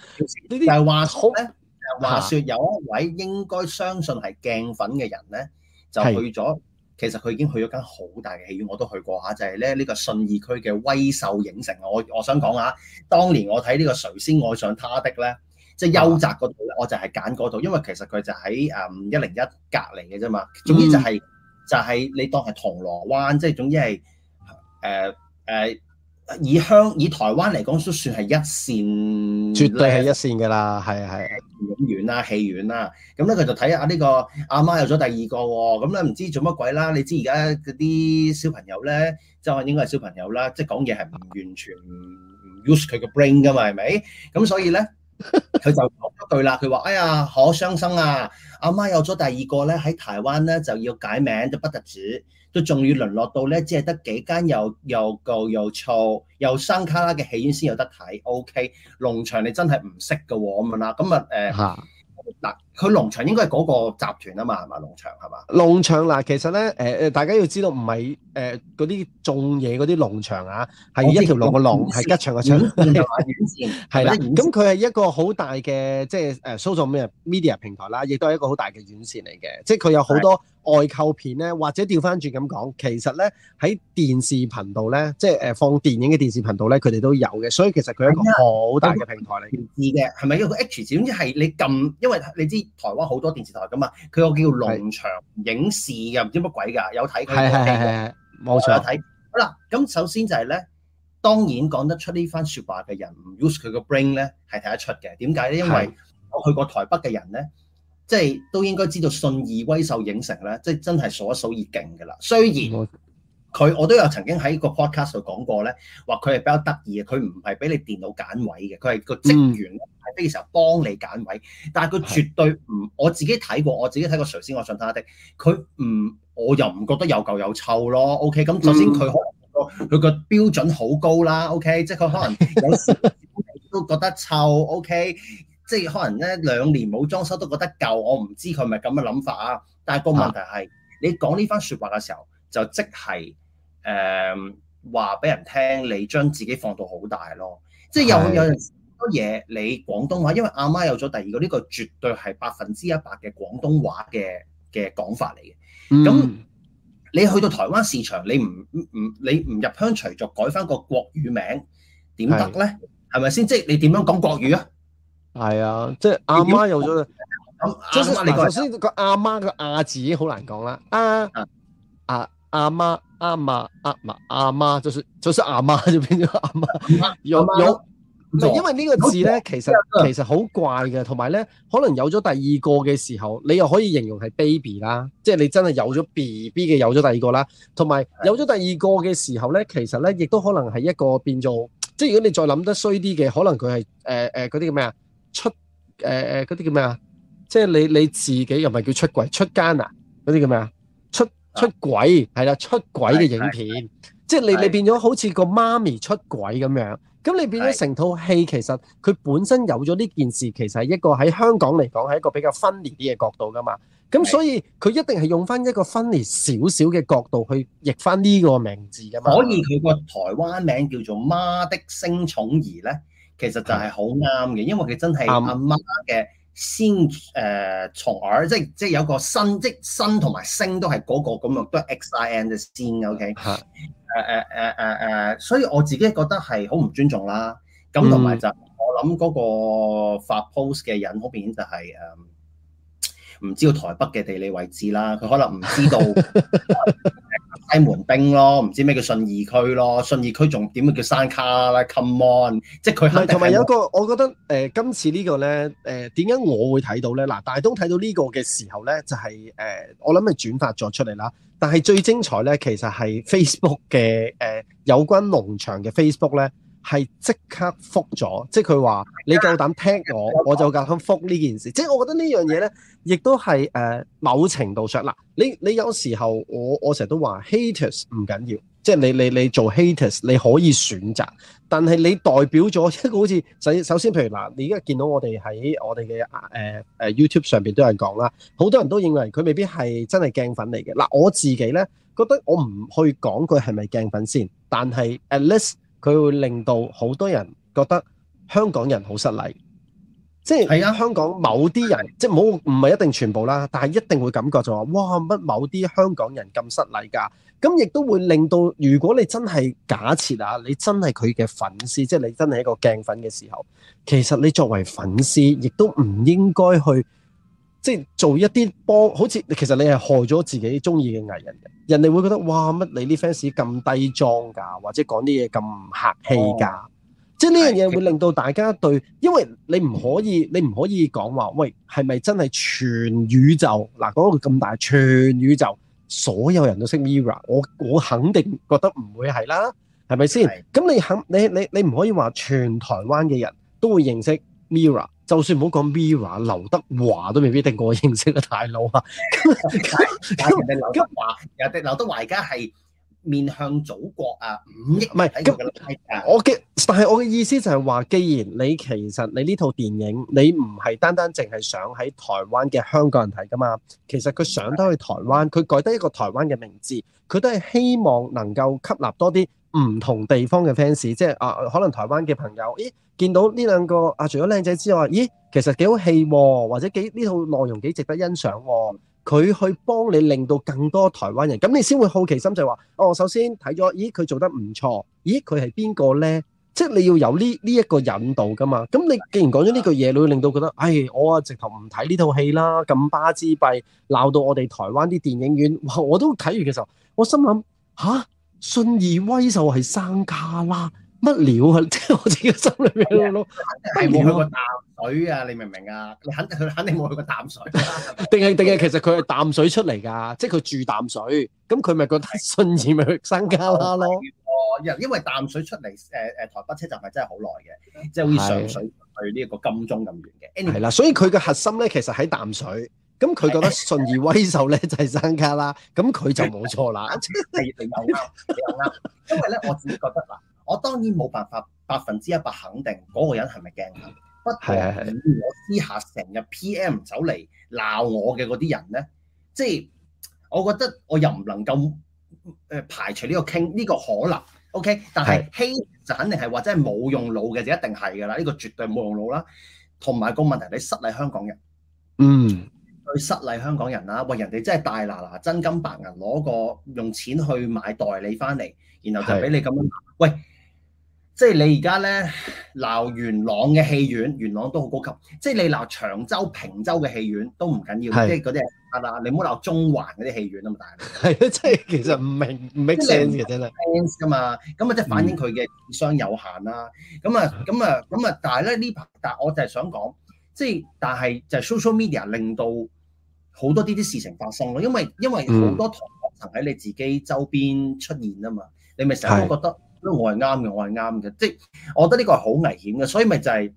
就係話好咧，就好、啊、話說有一位應該相信係鏡粉嘅人咧，就去咗。其實佢已經去咗間好大嘅戲院，我都去過嚇、啊，就係咧呢個信義區嘅威秀影城。我我想講下，當年我睇呢、這個誰先愛上他的咧，即係邱澤嗰度咧，就是啊、我就係揀嗰度，因為其實佢就喺誒一零一隔離嘅啫嘛。總之就係、是嗯、就係你當係銅鑼灣，即係總之係誒誒。呃呃以香以台灣嚟講都算係一線，絕對係一線㗎啦，係啊係。電影院啦、戲院啦，咁咧佢就睇下呢個阿媽有咗第二個喎、啊，咁咧唔知做乜鬼啦？你知而家嗰啲小朋友咧，就係應該係小朋友啦，即係講嘢係唔完全 use 佢嘅 brain 㗎嘛，係咪？咁所以咧，佢就講一句啦，佢話：哎呀，可傷心啊！阿媽有咗第二個咧，喺台灣咧就要解名都不特止。都仲要淪落到咧，只係得幾間又又舊又嘈又生卡拉嘅戲院先有得睇。OK，龍祥你真係唔識㗎喎咁樣啦。咁、呃、啊嗱佢龍祥應該係嗰個集團啊嘛，係咪龍祥係嘛？龍祥嗱，其實咧大家要知道唔係嗰啲種嘢嗰啲農場啊，係一條龍嘅龍，係線吉祥嘅祥，係啦線。咁佢係一個好大嘅即係誒 social media 平台啦，亦都係一個好大嘅院線嚟嘅，即係佢有好多。外購片咧，或者調翻轉咁講，其實咧喺電視頻道咧，即係誒放電影嘅電視頻道咧，佢哋都有嘅，所以其實佢係一個好大嘅平台嚟嘅。是嘅，係咪一個 H 字？知？總之係你撳，因為你知台灣好多電視台噶嘛，佢有個叫農場影視嘅，唔知乜鬼㗎，有睇佢嘅。係係係。冇錯。有睇。好啦，咁首先就係咧，當然講得出呢番説話嘅人，use 佢個 brain 咧係睇得出嘅。點解咧？因為我去過台北嘅人咧。即係都應該知道信義威秀影城咧，即係真係數一數二勁㗎啦。雖然佢、嗯、我都有曾經喺個 podcast 度講過咧，話佢係比較得意嘅，佢唔係俾你電腦揀位嘅，佢係個職員喺飛嘅時候幫你揀位。嗯、但係佢絕對唔，是我自己睇過，我自己睇過誰先愛上他的，佢唔，我又唔覺得又舊又臭咯。OK，咁首先佢可能佢個標準好高啦。OK，即係佢可能有時都覺得臭。OK。即係可能咧，兩年冇裝修都覺得舊，我唔知佢咪咁嘅諗法啊。但係個問題係，啊、你講呢番説話嘅時候，就即係誒話俾人聽，你將自己放到好大咯。即係有有好多嘢，是你廣東話，因為阿媽有咗第二個，呢、這個絕對係百分之一百嘅廣東話嘅嘅講法嚟嘅。咁、嗯、你去到台灣市場，你唔唔你唔入鄉隨俗，改翻個國語名點得咧？係咪先？即係你點樣講國語啊？係啊，即係阿媽有咗咁，頭先個阿媽個、啊啊啊、阿字已經好難講啦。阿阿阿媽阿嫲、阿嫲、阿媽，就算就算阿媽就變咗阿媽。有、啊、有，因為呢個字咧，其實其實好怪嘅，同埋咧，可能有咗第二個嘅時候，你又可以形容係 baby 啦。即係你真係有咗 B B 嘅，有咗第二個啦。同埋有咗第二個嘅時候咧，其實咧亦都可能係一個變做，即係如果你再諗得衰啲嘅，可能佢係誒誒嗰啲叫咩啊？呃呃出誒誒嗰啲叫咩啊？即係你你自己又唔係叫出軌出奸啊？嗰啲叫咩啊？出出軌係啦，出軌嘅影片，即係你你變咗好似個媽咪出軌咁樣，咁你變咗成套戲其實佢本身有咗呢件事，其實係一個喺香港嚟講係一個比較分裂啲嘅角度噶嘛。咁所以佢一定係用翻一個分裂少少嘅角度去譯翻呢個名字噶嘛。所以佢個台灣名叫做《媽的星寵兒》咧。其實就係好啱嘅，因為佢真係啱啱嘅先誒從而，即即有個新即新同埋星都係嗰、嗰個咁樣，都係 XIN 嘅先嘅，OK 係誒誒誒誒，所以我自己覺得係好唔尊重啦。咁同埋就、嗯、我諗嗰個發 post 嘅人嗰邊就係誒唔知道台北嘅地理位置啦，佢可能唔知道。 西門兵咯，唔知咩叫順義區咯，順義區仲點叫山卡拉？Come on，即係佢。同埋有個，我覺得誒、呃，今次個呢個咧，誒點解我會睇到咧？嗱、呃，大東睇到呢個嘅時候咧，就係、是、誒、呃，我諗係轉發咗出嚟啦。但係最精彩咧，其實係 Facebook 嘅誒、呃、有關農場嘅 Facebook 咧。係即刻覆咗，即係佢話你夠膽 tag 我，我就夠膽覆呢件事。即係我覺得呢樣嘢咧，亦都係誒、呃、某程度上嗱，你你有時候我我成日都話 haters 唔緊要，即係你你你做 haters 你可以選擇，但係你代表咗一個好似首首先，譬如嗱，你而家見到我哋喺我哋嘅、呃呃、YouTube 上面都有人講啦，好多人都認為佢未必係真係鏡粉嚟嘅嗱，我自己咧，覺得我唔去講佢係咪鏡粉先，但係 at least 佢會令到好多人覺得香港人好失禮，即係香港某啲人，係啊、即係冇唔係一定全部啦，但係一定會感覺就話、係：哇！乜某啲香港人咁失禮㗎？咁亦都會令到，如果你真係假設啊，你真係佢嘅粉絲，即係你真係一個鏡粉嘅時候，其實你作為粉絲，亦都唔應該去。即係做一啲幫，好似其實你係害咗自己中意嘅藝人嘅，人哋會覺得哇乜你啲 fans 咁低裝㗎，或者講啲嘢咁客氣㗎，哦、即係呢樣嘢會令到大家對，的因為你唔可以，你唔可以講話喂係咪真係全宇宙嗱講到咁大全宇宙所有人都識 Mirror，我我肯定覺得唔會係啦，係咪先？咁是的 你肯你你你唔可以話全台灣嘅人都會認識 Mirror。就算唔好講 Mirror，劉德華都未必定過我認識啊，大佬啊！咁人哋劉德華，那人哋劉德華而家係面向祖國啊，唔係咁，我嘅但係我嘅意思就係話，既然你其實你呢套電影，你唔係單單淨係想喺台灣嘅香港人睇噶嘛，其實佢想得去台灣，佢的改得一個台灣嘅名字，佢都係希望能夠吸納多啲。唔同地方嘅 fans，即係啊，可能台灣嘅朋友，咦，見到呢兩個啊，除咗靚仔之外，咦，其實幾好戲喎，或者幾呢套內容幾值得欣賞喎，佢去幫你令到更多台灣人，咁你先會好奇心就係話，哦，首先睇咗，咦，佢做得唔錯，咦，佢係邊個呢？即係你要有呢呢一個引導噶嘛。咁你既然講咗呢句嘢，你會令到覺得，唉，我啊直頭唔睇呢套戲啦，咁巴之閉鬧到我哋台灣啲電影院，我都睇完嘅時候，我心諗吓！信義威秀係生咖啦，乜料啊？即係我自己心裏面諗咯，係冇去過淡水啊？你明唔明啊？你肯定佢肯定冇去過淡水啊，定係定係其實佢係淡水出嚟噶，即係佢住淡水，咁佢咪覺得信義咪去生咖啦咯？哦，因為淡水出嚟，誒誒，台北車站係真係好耐嘅，即係好似上水去呢個金鐘咁遠嘅。係啦，所以佢嘅核心咧，其實喺淡水。咁佢覺得順而威受咧就係生卡啦，咁佢就冇錯啦。你又啱，你又啱。因為咧，我自己覺得啦，我當然冇辦法百分之一百肯定嗰個人係咪驚緊。不過，如果私下成日 PM 走嚟鬧我嘅嗰啲人咧，即係我覺得我又唔能夠誒排除呢個傾呢個可能。OK，但係希就肯定係或者係冇用腦嘅就一定係噶啦，呢個絕對冇用腦啦。同埋個問題，你失禮香港人。嗯。去失禮香港人啦！喂，人哋真係大拿拿真金白銀攞個用錢去買代理翻嚟，然後就俾你咁樣。是的 喂，即係你而家咧鬧元朗嘅戲院，元朗都好高級。即係你鬧長洲、坪洲嘅戲院都唔緊要，是的 即係嗰啲啊啦，你唔好鬧中環嗰啲戲院啊嘛，大。係咯，即係其實唔明唔明 sense 嘅啫啦。sense 噶嘛，咁啊即係反映佢嘅智商有限啦。咁啊咁啊咁啊，但係咧呢排，但係我就係想講，即係但係就係 social media 令到。好多啲啲事情發生咯，因為因為好多同溫層喺你自己周邊出現啊嘛，嗯、你咪成日都覺得，我係啱嘅，我係啱嘅，即係我覺得呢個係好危險嘅，所以咪就係、是，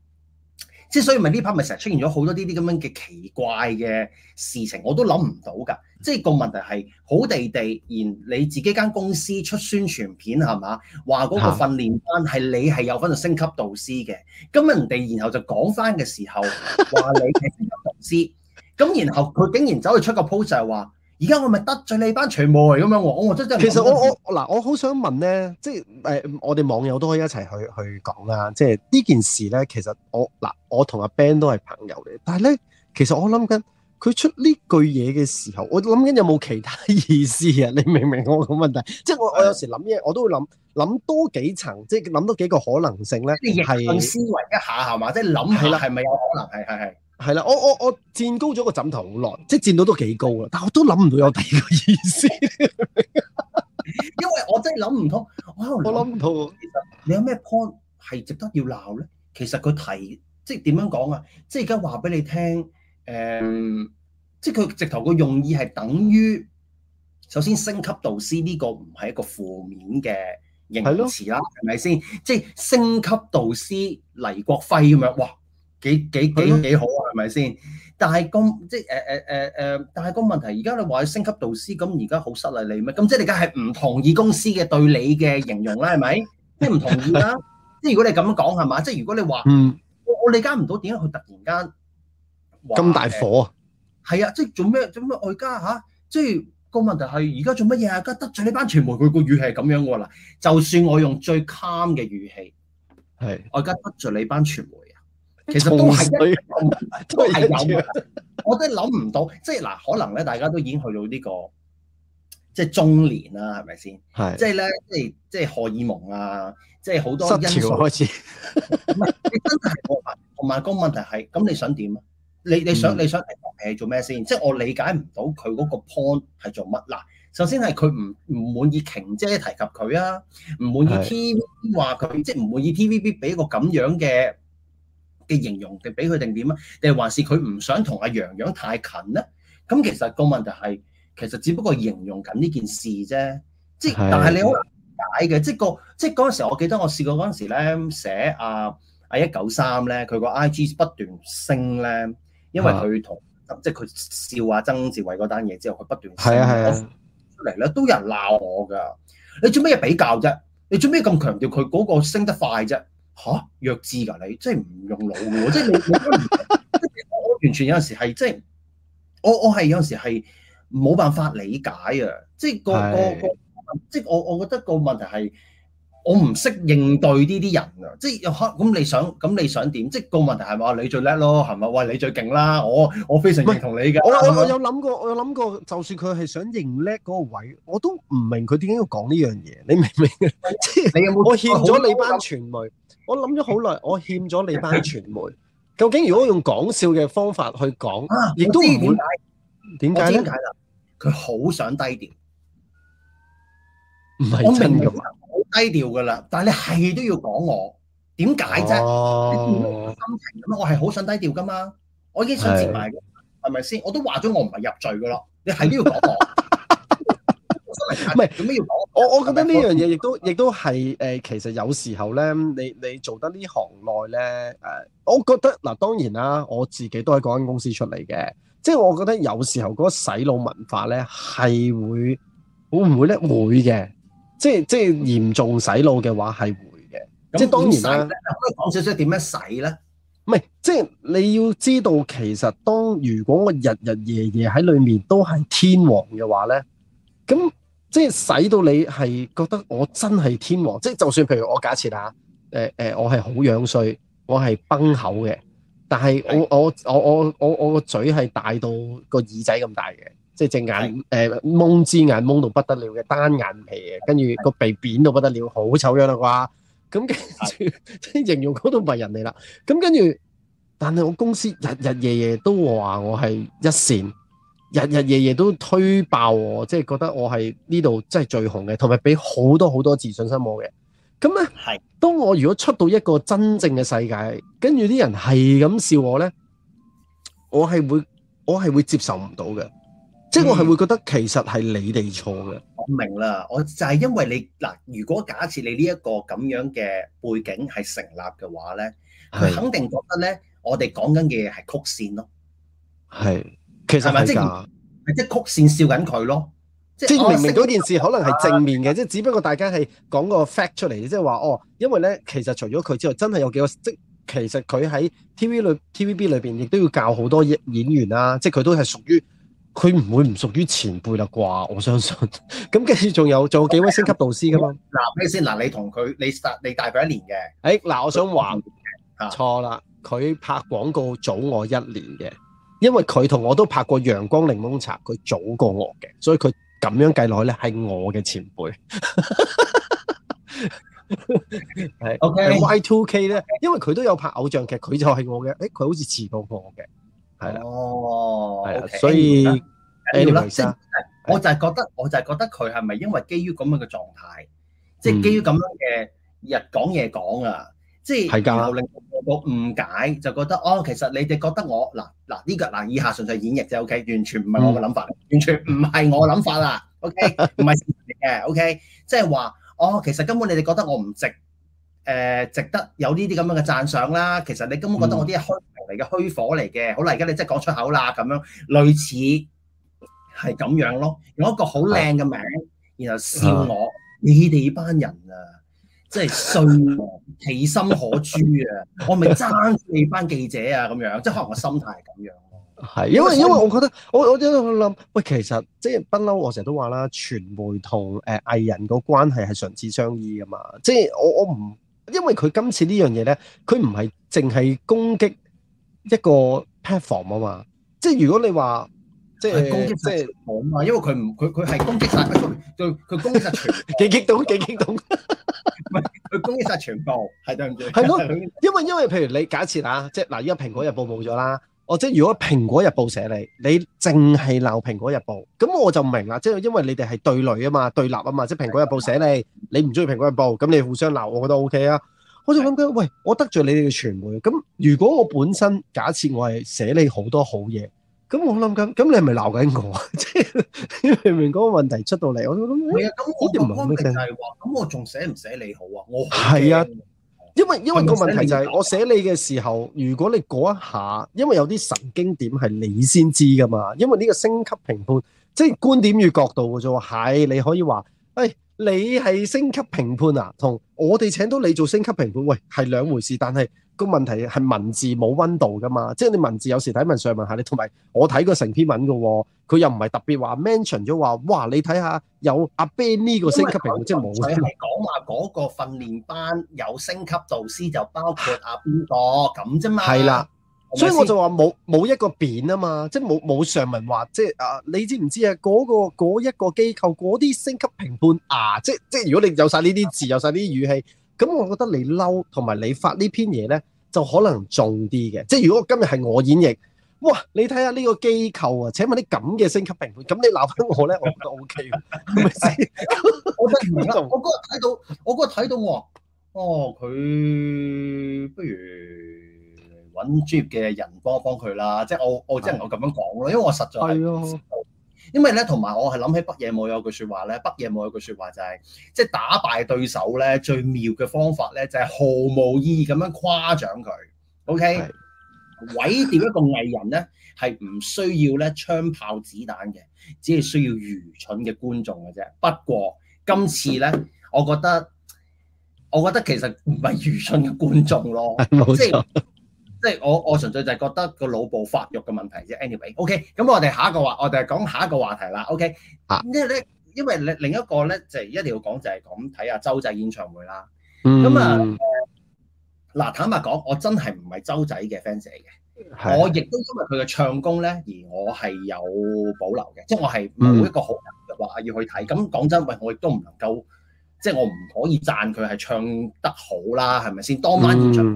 即係所以咪呢 part 咪成日出現咗好多啲啲咁樣嘅奇怪嘅事情，我都諗唔到㗎，即係個問題係好地地，而你自己間公司出宣傳片係嘛，話嗰個訓練班係你係有分到升級導師嘅，咁行人哋然後就講翻嘅時候話你係升級導師。 咁然後佢竟然走去出個 post 就係話：而家我咪得罪你班傳媒咁樣喎！我真真其實我我嗱，我好想問咧，即係誒、呃，我哋網友都可以一齊去去講啦。即係呢件事咧，其實我嗱，我同阿 Ben 都係朋友嚟，但係咧，其實我諗緊佢出呢句嘢嘅時候，我諗緊有冇其他意思啊？你明唔明我個問題？即係我我有時諗嘢，我都會諗諗多幾層，即係諗多幾個可能性咧，即係逆向思維一下係嘛？即係諗下係咪有可能？係係係。係啦，我我我佔高咗個枕頭好耐，即係佔到都幾高啊！但我都諗唔到有第二個意思， 因為我真係諗唔通。我諗唔到，其實你有咩 point 係值得要鬧咧？其實佢提即係點樣講啊？即係而家話俾你聽，誒，即係佢、嗯、直頭個用意係等於首先星級導師呢個唔係一個負面嘅形容詞啦，係咪先？即係星級導師黎國輝咁樣，哇！幾幾幾幾好啊，係咪先？但係咁即係誒誒誒誒，但係個問題，而家你話佢升級導師，咁而家好失禮你咩？咁即係你梗係唔同意公司嘅對你嘅形容啦，係咪？即係唔同意啦。 即係如果你咁樣講係嘛？即係如果你話，嗯、我我理解唔到點解佢突然間咁大火啊？係、哎、啊，即係做咩做咩？我而家吓，即係、個問題係而家做乜嘢啊？而家得罪呢班傳媒，佢個語氣係咁樣噶啦、啊。就算我用最 calm 嘅語氣，係我而家得罪你班傳媒。其實都係一都係有，我都諗唔到，即係嗱，可能咧，大家都已經去到呢、這個即係中年啦，係咪先？係是即係咧，即係即係荷爾蒙啊，即係好多因素開始。唔 係，真係同埋個問題係，咁你想點啊？你你想你想誒做咩先？嗯、即係我理解唔到佢嗰個 point 係做乜？嗱，首先係佢唔唔滿意瓊姐提及佢啊，唔滿意 TVB 話佢，是即係唔滿意 TVB 俾個咁樣嘅。嘅形容嘅俾佢定點啊？定還是佢唔想同阿洋洋太近咧？咁其實個問題係，其實只不過形容緊呢件事啫。即係的但係你好解嘅，的即係個即係嗰陣時，我記得我試過嗰陣時咧寫阿阿一九三咧，佢個 I G 不斷升咧，因為佢同即係佢笑阿曾志偉嗰單嘢之後，佢不斷升。係啊係啊，出嚟咧都有人鬧我㗎。你做咩嘢比較啫？你做咩咁強調佢嗰個升得快啫？吓弱智噶你，即係唔用腦嘅， 即係你我完全有陣時係即係，我我係有陣時係冇辦法理解啊，即係個是個即係我我覺得個問題係我唔識應對呢啲人啊，即係又黑，咁你想咁你想點？即係個問題係咪你最叻咯，係咪？喂，你最勁啦，我我非常認同你嘅。我我我有諗過，我有諗過，就算佢係想認叻嗰個位，我都唔明佢點解要講呢樣嘢。你明唔明？即係你有冇？ 我欠咗你班傳媒。我諗咗好耐，我欠咗你班傳媒。究竟如果用講笑嘅方法去講，亦都唔會點解咧？點解啦？佢好想低調，唔係我明好低調噶啦。但係你係都要講我，點解啫？啊、你唔明心情，咁我係好想低調噶嘛，我已經想接埋嘅，係咪先？我都話咗我唔係入罪噶啦，你係都要講我。 唔係，我我我覺得呢樣嘢亦都亦都係誒、呃，其實有時候咧，你你做得呢行內咧誒，我覺得嗱，當然啦，我自己都喺嗰間公司出嚟嘅，即係我覺得有時候嗰個洗腦文化咧係會會唔會咧？會嘅，即係即係嚴重洗腦嘅話係會嘅、嗯，即係當然啦。講少少點樣洗咧？唔係，即係你要知道，其實當如果我日日夜夜喺裏面都係天王嘅話咧，咁。即係使到你係覺得我真係天王，即係就算譬如我假設啊，誒、呃、誒、呃，我係好樣衰，我係崩口嘅，但係我是的我我我我我個嘴係大到個耳仔咁大嘅，即係隻眼誒懵的、呃、之眼蒙到不得了嘅，單眼皮嘅，跟住個鼻扁到不得了，好醜樣啦啩，咁跟住啲形容嗰度唔係人嚟啦，咁跟住，但係我公司日日夜夜都話我係一線。日日夜夜都推爆我，即係覺得我係呢度真係最紅嘅，同埋俾好多好多自信心我嘅。咁咧，是的 當我如果出到一個真正嘅世界，跟住啲人係咁笑我咧，我係會我係會接受唔到嘅，即係、嗯、我係會覺得其實係你哋錯嘅。我明啦，我就係因為你嗱，如果假設你呢一個咁樣嘅背景係成立嘅話咧，佢是的 肯定覺得咧，我哋講緊嘅嘢係曲線咯，係。其實係咪即係即曲線笑緊佢咯？即係明明嗰件事可能係正面嘅，即係、啊啊、只不過大家係講個 fact 出嚟，即係話哦，因為咧其實除咗佢之外，真係有幾個即其實佢喺 TV, TV 裏 TVB 裏邊亦都要教好多演員啦、啊，即係佢都係屬於佢唔會唔屬於前輩啦啩？我相信咁跟住仲有做幾位星級導師㗎嘛？嗱、啊，先嗱，你同佢你大你大佢一年嘅，誒、欸，嗱、啊，我想話錯啦，佢、啊、拍廣告早我一年嘅。因為佢同我都拍過《陽光檸檬茶》，佢早過我嘅，所以佢咁樣計落去咧係我嘅前輩。係 OK y。Y two K 咧，因為佢都有拍偶像劇，佢就係我嘅。誒，佢好似遲過我嘅。係哦。係。所以緊要啦，okay, yeah, yeah. Anyways, 我就係覺得，是我就係覺得佢係咪因為基於咁樣嘅狀態，mm. 即係基於咁樣嘅日講夜講啊？即係令我誤解就覺得哦，其實你哋覺得我嗱嗱呢個嗱、啊、以下純粹係演繹就 O K，完全唔係我嘅諗法、嗯、完全唔係我諗法啦，O K，唔係嘅，O K，即係話哦，其實根本你哋覺得我唔值誒、呃，值得有呢啲咁樣嘅讚賞啦。其實你根本覺得我啲虛嚟嘅虛火嚟嘅、嗯，好啦，而家你即係講出口啦，咁樣類似係咁樣咯，用一個好靚嘅名字，啊、然後笑我、啊、你哋班人啊！即係衰，其心可誅啊！我咪爭你班記者啊，咁樣即係可能我心態係咁樣咯。係因為以因為我覺得我我喺度諗喂，其實即係不嬲，我成日都話啦，傳媒同誒、呃、藝人個關係係唇齒相依啊嘛。即係我我唔因為佢今次呢樣嘢咧，佢唔係淨係攻擊一個 platform 啊嘛。即係如果你話，即係攻擊曬我嘛？因為佢唔佢佢係攻擊曬嗰啲，對佢攻擊曬幾激動，幾激動，唔係佢攻擊曬全部，係對唔對？係咯，因為因為譬如你假設啊，即係嗱，依家《蘋果日報》冇咗啦，或者如果《蘋果日報》寫你，你淨係鬧《蘋果日報》，咁我就唔明啦，即係因為你哋係對壘啊嘛，對立啊嘛，即係《蘋果日報》寫你，你唔中意《蘋果日報》，咁你互相鬧，我覺得 O K 啊。我就諗緊，喂，我得罪你哋嘅傳媒，咁如果我本身假設我係寫你好多好嘢。咁我諗緊，咁你係咪鬧緊我啊？即 係明明嗰個問題出到嚟？我諗咁、啊、我哋唔係咁我仲寫唔寫你好啊？我係啊，因為因為個問題就係、是，我寫你嘅時候，如果你嗰一下，因為有啲神經點係你先知噶嘛。因為呢個星級評判，即、就、係、是、觀點與角度嘅啫。係你可以話，誒、哎，你係星級評判啊，同我哋請到你做星級評判，喂，係兩回事。但係。個問題係文字冇溫度噶嘛，即係你文字有時睇文上文下，你同埋我睇過成篇文嘅喎，佢又唔係特別話 mention 咗話，哇！你睇下有阿 Ben 呢個星級評判，即係冇。佢係講話嗰個訓練班有星級導師就包括阿邊個咁啫嘛。係啦，所以我就話冇冇一個貶啊嘛，即係冇冇上文話，即係啊，你知唔知啊？嗰、嗰個一個機構嗰啲星級評判啊，即係即係如果你有晒呢啲字，有晒呢啲語氣。咁我覺得你嬲同埋你發呢篇嘢咧，就可能重啲嘅。即係如果今日係我演繹，哇！你睇下呢個機構啊，請問啲咁嘅升級評判，咁你鬧翻我咧，我覺得 O、OK、K。我真係唔明我嗰日睇到，我嗰日睇到我，哦了，佢不如揾專業嘅人幫一幫佢啦。即係我我即係我咁樣講咯，因為我實在係。因為咧，同埋我係諗起北野某有《北野武》有句説話咧，《北野武》有句説話就係、是，即係打敗對手咧，最妙嘅方法咧，就係、是、毫無意義咁樣誇獎佢。O、OK? K，是毀掉一個藝人咧，係唔需要咧槍炮子彈嘅，只係需要愚蠢嘅觀眾嘅啫。不過今次咧，我覺得我覺得其實唔係愚蠢嘅觀眾咯，即係錯。就是即係我我純粹就係覺得個腦部發育嘅問題啫。Anyway，OK，、okay，咁我哋下一個話，我哋講下一個話題啦。OK，因為咧，因為另另一個咧，就係一定要講就係講睇下周仔演唱會啦。咁、嗯、啊，嗱，坦白講，我真係唔係周仔嘅 fans 嚟嘅。是的 我亦都因為佢嘅唱功咧，而我係有保留嘅，即係我係冇一個好嘅人嘅話要去睇。咁講、嗯、真，喂，我亦都唔能夠，即係我唔可以讚佢係唱得好啦，係咪先？當晚演唱。嗯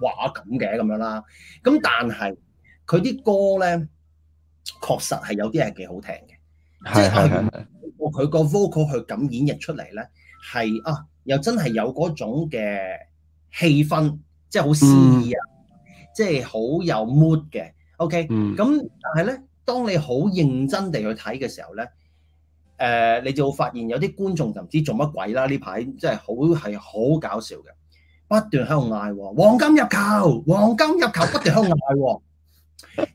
畫咁嘅咁樣啦，咁但係佢啲歌咧，確實係有啲係幾好聽嘅，的即係佢個個 vocal 去咁演繹出嚟咧，係啊又真係有嗰種嘅氣氛，即係好詩意啊，即係好有 mood 嘅。OK，咁、嗯、但係咧，當你好認真地去睇嘅時候咧，誒、呃，你就會發現有啲觀眾就唔知做乜鬼啦，呢排即係好係好搞笑嘅。不斷喺度嗌喎，黃金入球，黃金入球，不斷喺度嗌喎，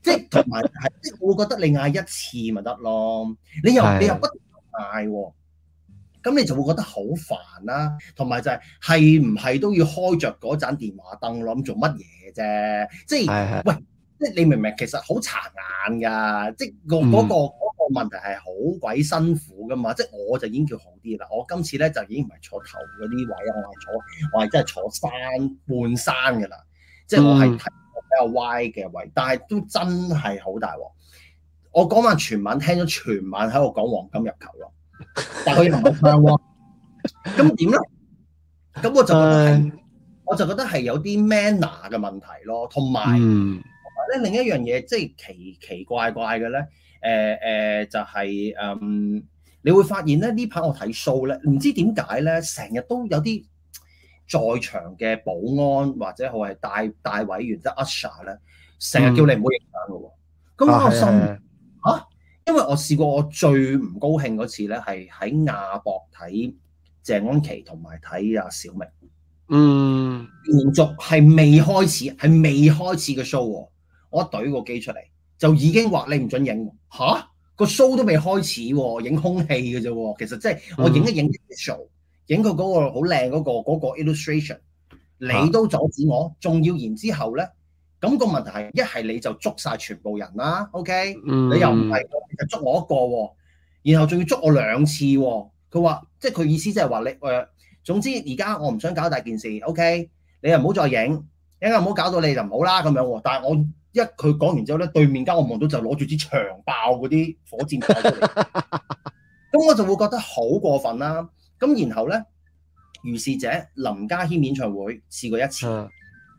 即係同埋係，即係我覺得你嗌一次咪得咯，你又你又不斷嗌喎，咁你就會覺得好煩啦，同埋就係係唔係都要開着嗰盞電話燈咯？諗做乜嘢啫？即係 喂，即係你明唔明？其實好殘眼㗎，即係個嗰個。嗯個問題係好鬼辛苦噶嘛，即係我就已經叫好啲啦。我今次咧就已經唔係坐頭嗰啲位，我係坐，我係真係坐山半山噶啦。即係我係睇比較歪嘅位，嗯、但係都真係好大鑊。我講埋全晚聽咗全晚喺度講黃金入球咯，但係佢要唔要翻鑊？咁點咧？咁我就我就覺得係、嗯、有啲 manner 嘅問題咯，同埋咧另一樣嘢，即係奇奇怪怪嘅咧。誒誒、呃呃，就係、是嗯、你會發現咧呢排我睇 show 咧，唔知點解咧，成日都有啲在場嘅保安或者好係大大委員即 usher 咧，成日叫你唔好影響嘅喎。咁、嗯啊、我心諗是、啊，因為我試過我最唔高興嗰次咧，係喺亞博睇謝安琪同埋睇阿小明。嗯，連續係未開始，係未開始嘅 show，我一懟個機出嚟。就已經話你唔准影吓？個 show 都未開始喎、啊，影空氣嘅啫喎。其實即係我影一影 show，影佢嗰個好靚嗰個嗰、那個 illustration，啊、你都阻止我。仲要然之後咧，咁、那個問題係一係你就捉晒全部人啦，OK？、Mm hmm. 你又唔係捉我一個喎、啊，然後仲要捉我兩次喎、啊。佢話即係佢意思即係話你誒、呃，總之而家我唔想搞大件事，OK？你又唔好再影，一陣唔好搞到你就唔好啦咁樣喎、啊。但係我。一佢講完之後咧，對面間我望到就攞住支長爆嗰啲火箭炮嚟，咁 我就會覺得好過分啦、啊。咁然後咧，如是者林家謙演唱會試過一次，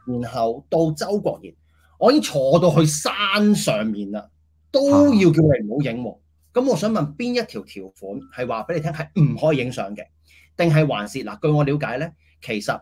嗯、然後到周國賢，我已經坐到去山上面啦，都要叫佢唔好影。咁、嗯、我想問邊一條條款係話俾你聽係唔可以影相嘅，定係還是嗱據我了解咧，其實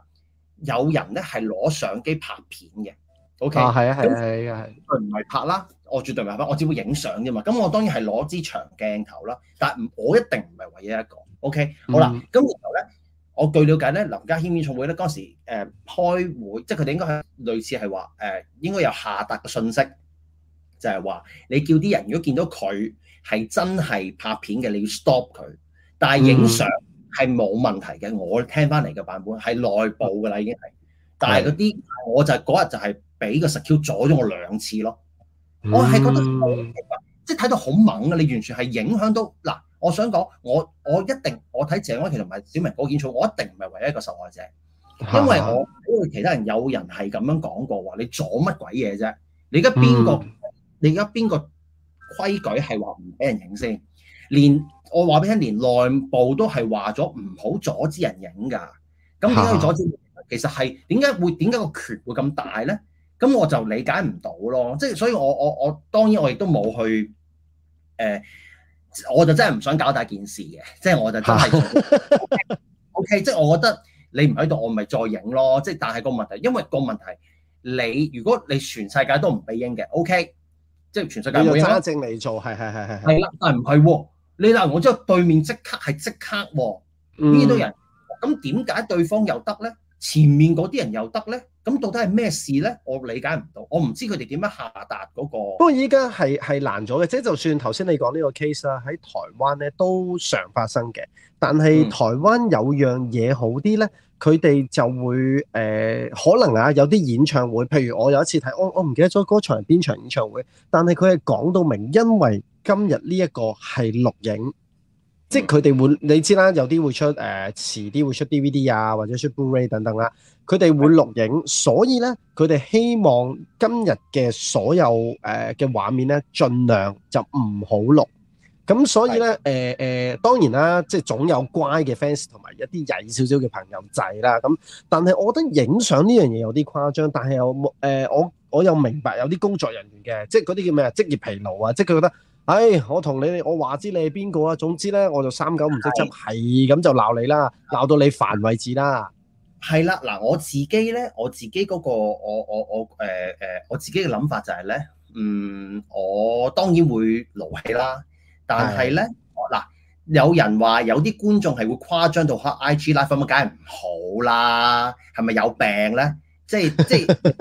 有人咧係攞相機拍片嘅。Okay, 啊，係啊，係啊，係啊，係、啊，佢唔係拍啦，我絕對唔係拍，我只會影相啫嘛。咁我當然係攞支長鏡頭啦，但唔，我一定唔係唯一一個。OK，、嗯、好啦，咁然後咧，我據了解咧，林家謙演唱會咧，嗰時誒、呃、開會，即係佢哋應該係類似係話誒，應該有下達嘅信息，就係、是、話你叫啲人，如果見到佢係真係拍片嘅，你要 stop 佢，但係影相係冇問題嘅。嗯、我聽翻嚟嘅版本係內部噶啦，已經係，嗯、但係嗰啲我就嗰、是、日就係、是。俾個 secure 阻咗我兩次咯，我係覺得、嗯、即係睇到好猛啊！你完全係影響到嗱，我想講，我我一定我睇謝安琪同埋小明保險儲，我一定唔係唯一一個受害者，哈哈，因為我因為其他人有人係咁樣講過話，你阻乜鬼嘢啫？你而家邊個？嗯、你而家邊個規矩係話唔俾人影先？連我話俾你聽，連內部都係話咗唔好阻止人影噶。咁點解要阻止人？哈哈，其實係點解會點解個權會咁大咧？咁我就理解唔到咯，即係所以我我我當然我亦都冇去誒、呃，我就真係唔想搞大件事嘅，即、就、係、是、我就真係 OK，即、okay，係我覺得你唔喺度，我唔咪再影咯。即、就、係、是、但係個問題，因為個問題，你如果你全世界都唔俾影嘅，OK，即係全世界冇揸證嚟做，係係係啦，但係唔係喎，你嗱我知道對面即刻係即刻喎，呢啲人咁點解對方又得咧？前面嗰啲人又得咧？咁到底係咩事呢？我理解唔到，我唔知佢哋點樣下達嗰個。不過依家係係難咗嘅，即係就算頭先你講呢個 case 啦，喺台灣咧都常發生嘅。但係台灣有樣嘢好啲呢，佢哋就會、呃、可能啊有啲演唱會，譬如我有一次睇，我我唔記得咗嗰場邊場演唱會，但係佢係講到明，因為今日呢一個係錄影。即係佢哋會，你知啦，有啲會出誒、呃，遲啲會出 DVD 啊，或者出 Blu-ray 等等啦。佢哋會錄影，所以咧，佢哋希望今日嘅所有誒嘅、呃、畫面咧，盡量就唔好錄。咁所以咧，誒誒的、呃呃，當然啦，即係總有乖嘅 fans 同埋一啲曳少少嘅朋友仔啦。咁，但係我覺得影相呢樣嘢有啲誇張，但係又冇我、呃、我又明白有啲工作人員嘅，即係嗰啲叫咩啊？職業疲勞啊，即係佢覺得。係，我同你，我話知你係邊個啊？總之咧，我就三九唔識執，係咁就鬧你啦，鬧到你煩為止啦。係啦，嗱，我自己咧，我自己嗰、那個，我我我，誒誒、呃，我自己嘅諗法就係、是、咧，嗯，我當然會勞氣啦，但係咧，嗱的，有人話有啲觀眾係會誇張到黑 IG live 咁，咁梗係唔好啦，係咪有病咧？ 即係即係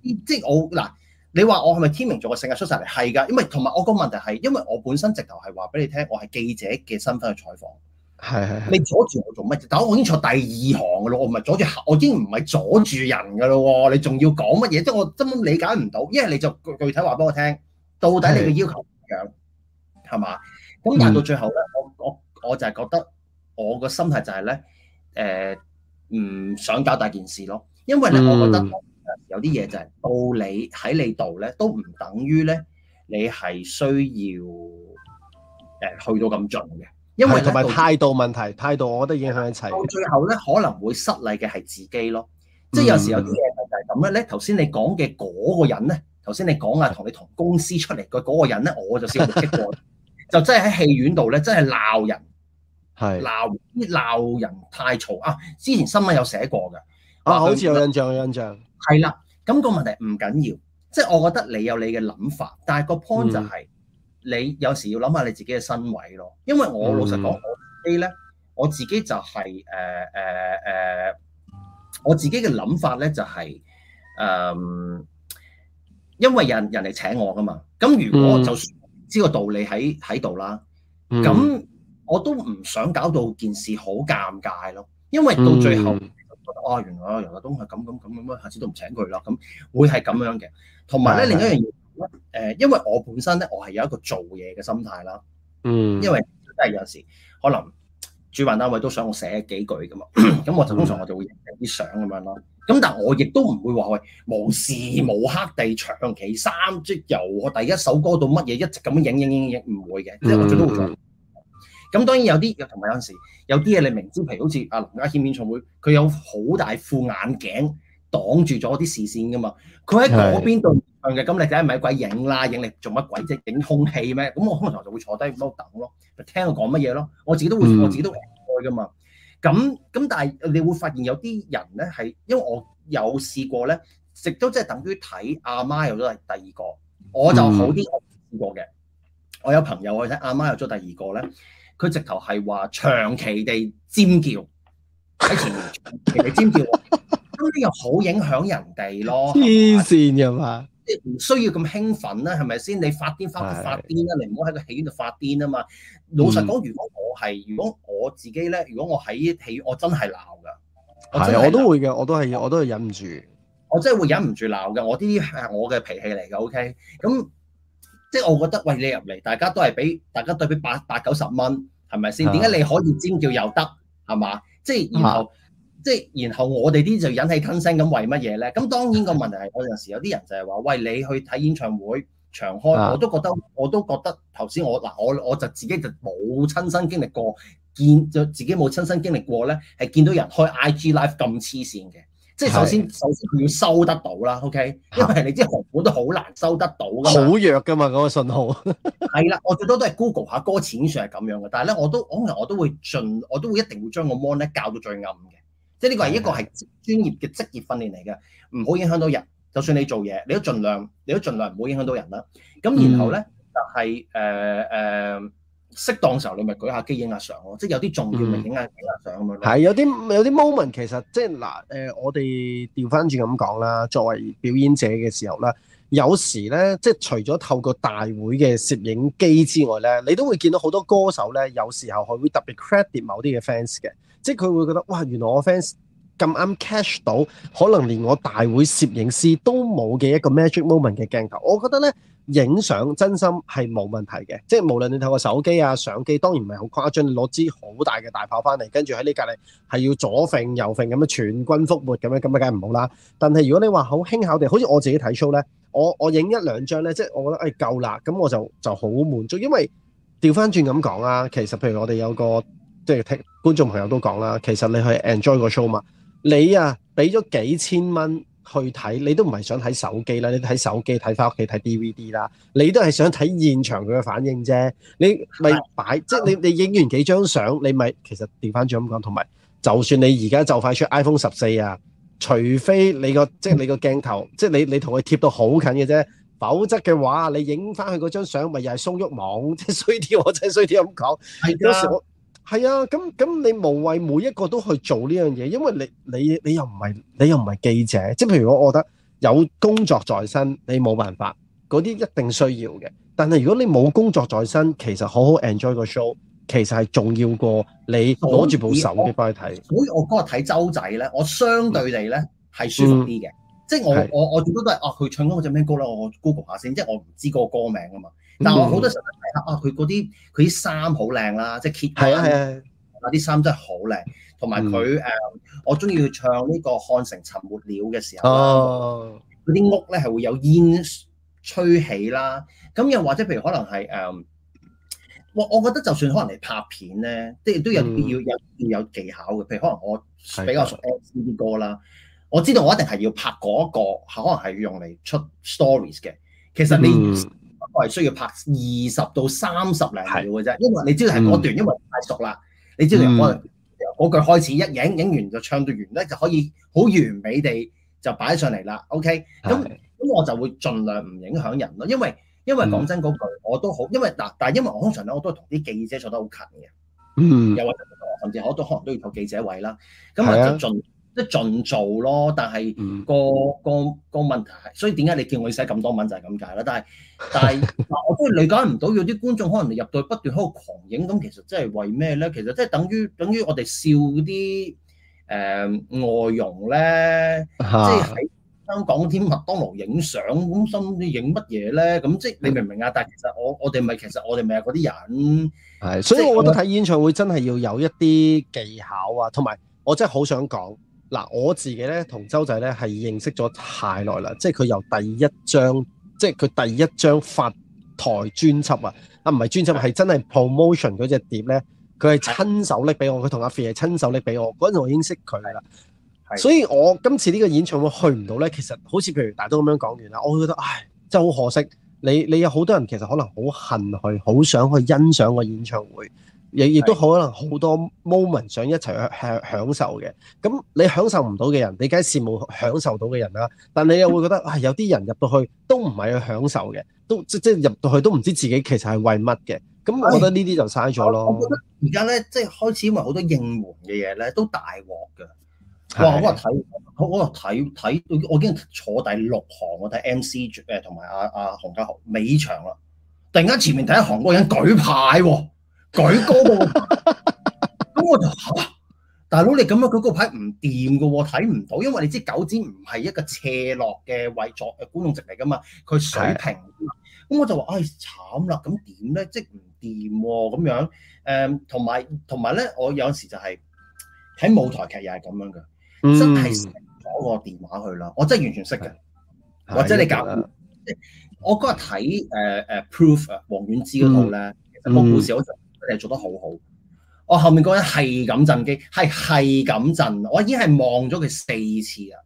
即即我嗱。你話我係咪天蠍座嘅性格出曬嚟？係噶，因為同埋我個問題係，因為我本身直頭係話俾你聽，我係記者嘅身份去採訪。係係是的 你阻住我做乜？但我已經坐第二行噶啦，我唔係阻住，我已經唔係阻住人噶啦喎。你仲要講乜嘢？即係我根本理解唔到。一係你就具體話俾我聽，到底你嘅要求點樣？係嘛是的？咁但到最後咧、嗯，我我我就係覺得我個心態就係、是、咧，誒、呃，唔想搞大件事咯。因為咧，我覺得，嗯有啲嘢就係、是、到你喺你度咧，都唔等於咧，你係需要誒、呃、去到咁盡嘅，因為同埋態度問題，態度我覺得影響一齊。到最後咧，可能會失禮嘅係自己咯，即係有時候有啲嘢就係咁樣咧。頭先、嗯、你講嘅嗰個人咧，頭先你講啊，同你同公司出嚟嘅嗰個人咧，我就先認識過， 就真係喺戲院度咧，真係鬧人，係鬧鬧人太嘈啊！之前新聞有寫過嘅，啊，好似有,有印象，有印象，係啦。咁個問題唔緊要，即係我覺得你有你嘅諗法，但係個 point 就係，嗯，你有時要諗下你自己嘅身位咯。因為我老實講，A 咧我自己就係誒誒我自己嘅諗法咧就係、誒、呃，因為人人哋請我㗎嘛，咁如果就算我知個道，道理喺喺度啦，咁我都唔想搞到件事好尷尬咯，因為到最後。嗯哦、啊，原來啊，楊樂東係咁咁咁咁啊，下次都唔請佢啦，咁會係咁樣嘅。同埋咧另一樣嘢，誒、呃，因為我本身咧，我係有一個做嘢嘅心態啦。嗯。因為即係有時可能主辦單位都想我寫幾句噶嘛，咁、嗯、我就通常我就會影啲相咁樣咯。咁但係我亦都唔會話喂、欸、無時無刻地長期三即由我第一首歌到乜嘢一直咁樣影影影影唔會嘅。因為、嗯、我會做咗。咁當然有啲，又同埋有陣時有啲嘢你明知，譬如好似阿林家謙演唱會，佢有好大副眼鏡擋住咗啲視線噶嘛。佢喺嗰邊向嘅，咁的你睇咪鬼影啦、啊，影嚟做乜鬼啫、啊？影空氣咩？咁我可能就就會坐低喺度等咯，聽佢講乜嘢咯。我自己都會，我自己都會開噶嘛。咁咁、嗯，但係你會發現有啲人咧係，因為我有試過咧，食都即係等於睇阿、啊、媽有咗第二個，我就好啲，我試過嘅。我有朋友我睇阿、啊、媽有咗第二個咧。佢直頭係話長期地尖叫，喺前面，前面尖叫，咁呢 又好影響人哋咯，黐線噶嘛，即係唔需要咁興奮啦，係咪先？你發癲返去發癲啦的，你唔好喺個戲院度發癲啊嘛！老實講，如果我係，如果我自己咧，如果我喺戲院，我真係鬧噶，我都會嘅，我都係，我都係忍唔住，我真係會，會忍唔住鬧嘅，我啲啲係我嘅脾氣嚟嘅，OK，咁即係我覺得喂，你入嚟，大家都係俾大家對比八八九十蚊。係咪先？點解你可以尖叫又得？係嘛？即係然後，即係的然後我哋啲就引起吞聲咁，為乜嘢咧？咁當然個問題係嗰陣時有啲人就係話：喂，你去睇演唱會長開，我都覺得我都覺得頭先我嗱我我就自己就冇親身經歷過，見就自己冇親身經歷過咧，係見到人開 IG live 咁黐線嘅。即係首先，是首先佢要收得到啦，OK？因為係你知，紅館都好難收得到㗎。好是弱㗎嘛，嗰個信號。係啦，我最多都係 Google 下，歌詞上係咁樣嘅。但係咧，我都可能我都會盡，我都會一定會將個 mon 咧校到最暗嘅。即係呢個係一個係專業嘅職業訓練嚟嘅，唔好影響到人。就算你做嘢，你都盡量，你都盡量唔好影響到人啦。咁然後咧、嗯、就係誒誒。呃呃適當時候你咪舉下機影下相咯，即係有啲重要咪影下影下相咁樣咯。係、嗯、有啲有啲 moment 其實即係嗱誒，我哋調翻轉咁講啦，作為表演者嘅時候咧，有時咧即係除咗透過大會嘅攝影機之外咧，你都會見到好多歌手咧，有時候佢會特別 credit 某啲嘅 fans 嘅，即係佢會覺得哇原來我 fans 咁啱 catch 到，可能連我大會攝影師都冇嘅一個 magic moment 嘅鏡頭，我覺得咧。影相真心係冇問題嘅，即係無論你透過手機啊、相機，當然唔係好誇張，你攞支好大嘅大炮翻嚟，跟住喺呢隔籬係要左揈右揈咁樣全軍覆沒咁樣，咁樣梗係唔好啦。但係如果你話好輕巧地，好似我自己睇 show 呢，我我影一兩張呢，即係我覺得誒夠啦，咁我就就好滿足。因為調翻轉咁講啊，其實譬如我哋有個即係聽觀眾朋友都講啦，其實你去 enjoy 個 show 嘛，你啊俾咗幾千蚊。去睇你都唔係想睇手機啦，你睇手機睇翻屋企睇 DVD 啦，你都係想睇現場佢嘅反應啫。你咪擺的即係你你影完幾張相，你咪其實調翻轉咁講。同埋就算你而家就快出 iPhone 十四啊，除非你個即係你個鏡頭，即係你你同佢貼到好近嘅啫，否則嘅話你影翻去嗰張相咪又係鬆喐網，即係衰啲我真係衰啲咁講係啊，咁咁你無謂每一個都去做呢樣嘢，因為你你你又唔係你又唔係記者，即係譬如我覺得有工作在身，你冇辦法嗰啲一定需要嘅。但係如果你冇工作在身，其實好好 enjoy 個 show，其實係重要過你攞住部手機翻去睇。所以我嗰日睇周仔咧，我相對嚟咧係舒服啲嘅，即係我我我最多都係啊，佢唱緊嗰隻咩歌啦我 Google 下先，即係我唔知個歌名啊嘛。但係好多時候睇下、嗯、啊，佢嗰啲佢啲衫好靚啦，即係揭開啊啲衫、啊、真係好靚，同埋佢誒，嗯 uh，我中意佢唱呢個《漢城沉沒了》嘅時候啦，嗰啲、哦、屋咧係會有煙吹起啦。咁又或者譬如可能係誒，我、um，我覺得就算可能你拍片咧，即係都有、嗯、要有要有技巧嘅。譬如可能我比較熟 M C 啲歌啦，啊、我知道我一定係要拍嗰、嗰個，可能係用嚟出 stories 嘅。其實你。我係需要拍二十到三十零秒嘅啫，是因為你知道係嗰段，嗯、因為太熟啦。你知道由嗰、嗯、句開始一影影完就唱到完咧，就可以好完美地就擺上嚟啦。OK，咁咁是我就會盡量唔影響人咯，因為因為講真嗰句我都好，因為嗱、嗯，但係因為我通常咧我都係同啲記者坐得好近嘅，嗯，又或者甚至我都可能都要坐記者位啦。咁我就盡。就盡、啊。即係盡做咯，但係、嗰個、嗯、個個問題係，所以點解你叫我寫咁多文就係咁解啦。但係但係，我都理解唔到，有啲觀眾可能入到去不斷喺度狂影，咁其實即係為咩咧？其實即係等於等於我哋笑嗰啲誒外傭咧，即係喺香港啲麥當勞影相，咁心影乜嘢咧？咁即係你明唔明啊？嗯、但係其實我我哋咪其實我哋咪係嗰啲人，係，所以我覺得睇演唱會真係要有一啲技巧啊，同埋我真係好想講。嗱，我自己咧同周仔咧係認識咗太耐啦，即係佢由第一張，即係佢第一張發台專輯啊，啊唔係專輯，係真係 promotion 嗰隻碟咧，佢係親手拎俾我，佢同阿 Fei 係親手拎俾我，嗰陣我已經認識佢啦，所以我今次呢個演唱會去唔到咧，其實好似譬如大家都咁樣講完啦，我覺得唉真係好可惜，你你有好多人其實可能好恨佢，好想去欣賞個演唱會。亦亦都可能好多 moment 想一齊享享受嘅，咁你享受唔到嘅人，你梗係羨慕享受到嘅人啦。但你又會覺得係有啲人入到去都唔係去享受嘅，都即即入到去都唔知自己其實係為乜嘅。咁我覺得呢啲就嘥咗咯。我覺得而家咧，即係開始因為好多應援嘅嘢咧，都大鑊㗎。哇！我嗰日睇，我嗰日睇睇我已經坐第六行，我睇 MC 同埋阿阿洪家豪尾場啦。突然間前面第一行嗰個人舉牌喎。舉高喎，咁 我就話大佬你咁樣舉個牌唔掂噶喎，睇唔到，因為你知九展唔係一個斜落嘅位坐嘅觀眾席嚟噶嘛，佢水平。咁的我就話：唉、哎，慘啦，咁點咧？即係唔掂喎，咁樣誒，同埋同埋咧，我有時就係、是、喺舞台劇又係咁樣嘅，嗯、真係攞個電話去啦，我真係完全識嘅，的或者你搞！的我嗰日睇誒誒 Proof 啊，黃、uh, uh, 遠之嗰套咧，嗯、個故事好就～、嗯誒做得好好，我後面嗰人係咁震機，係係咁震，我已經係望咗佢四次啦。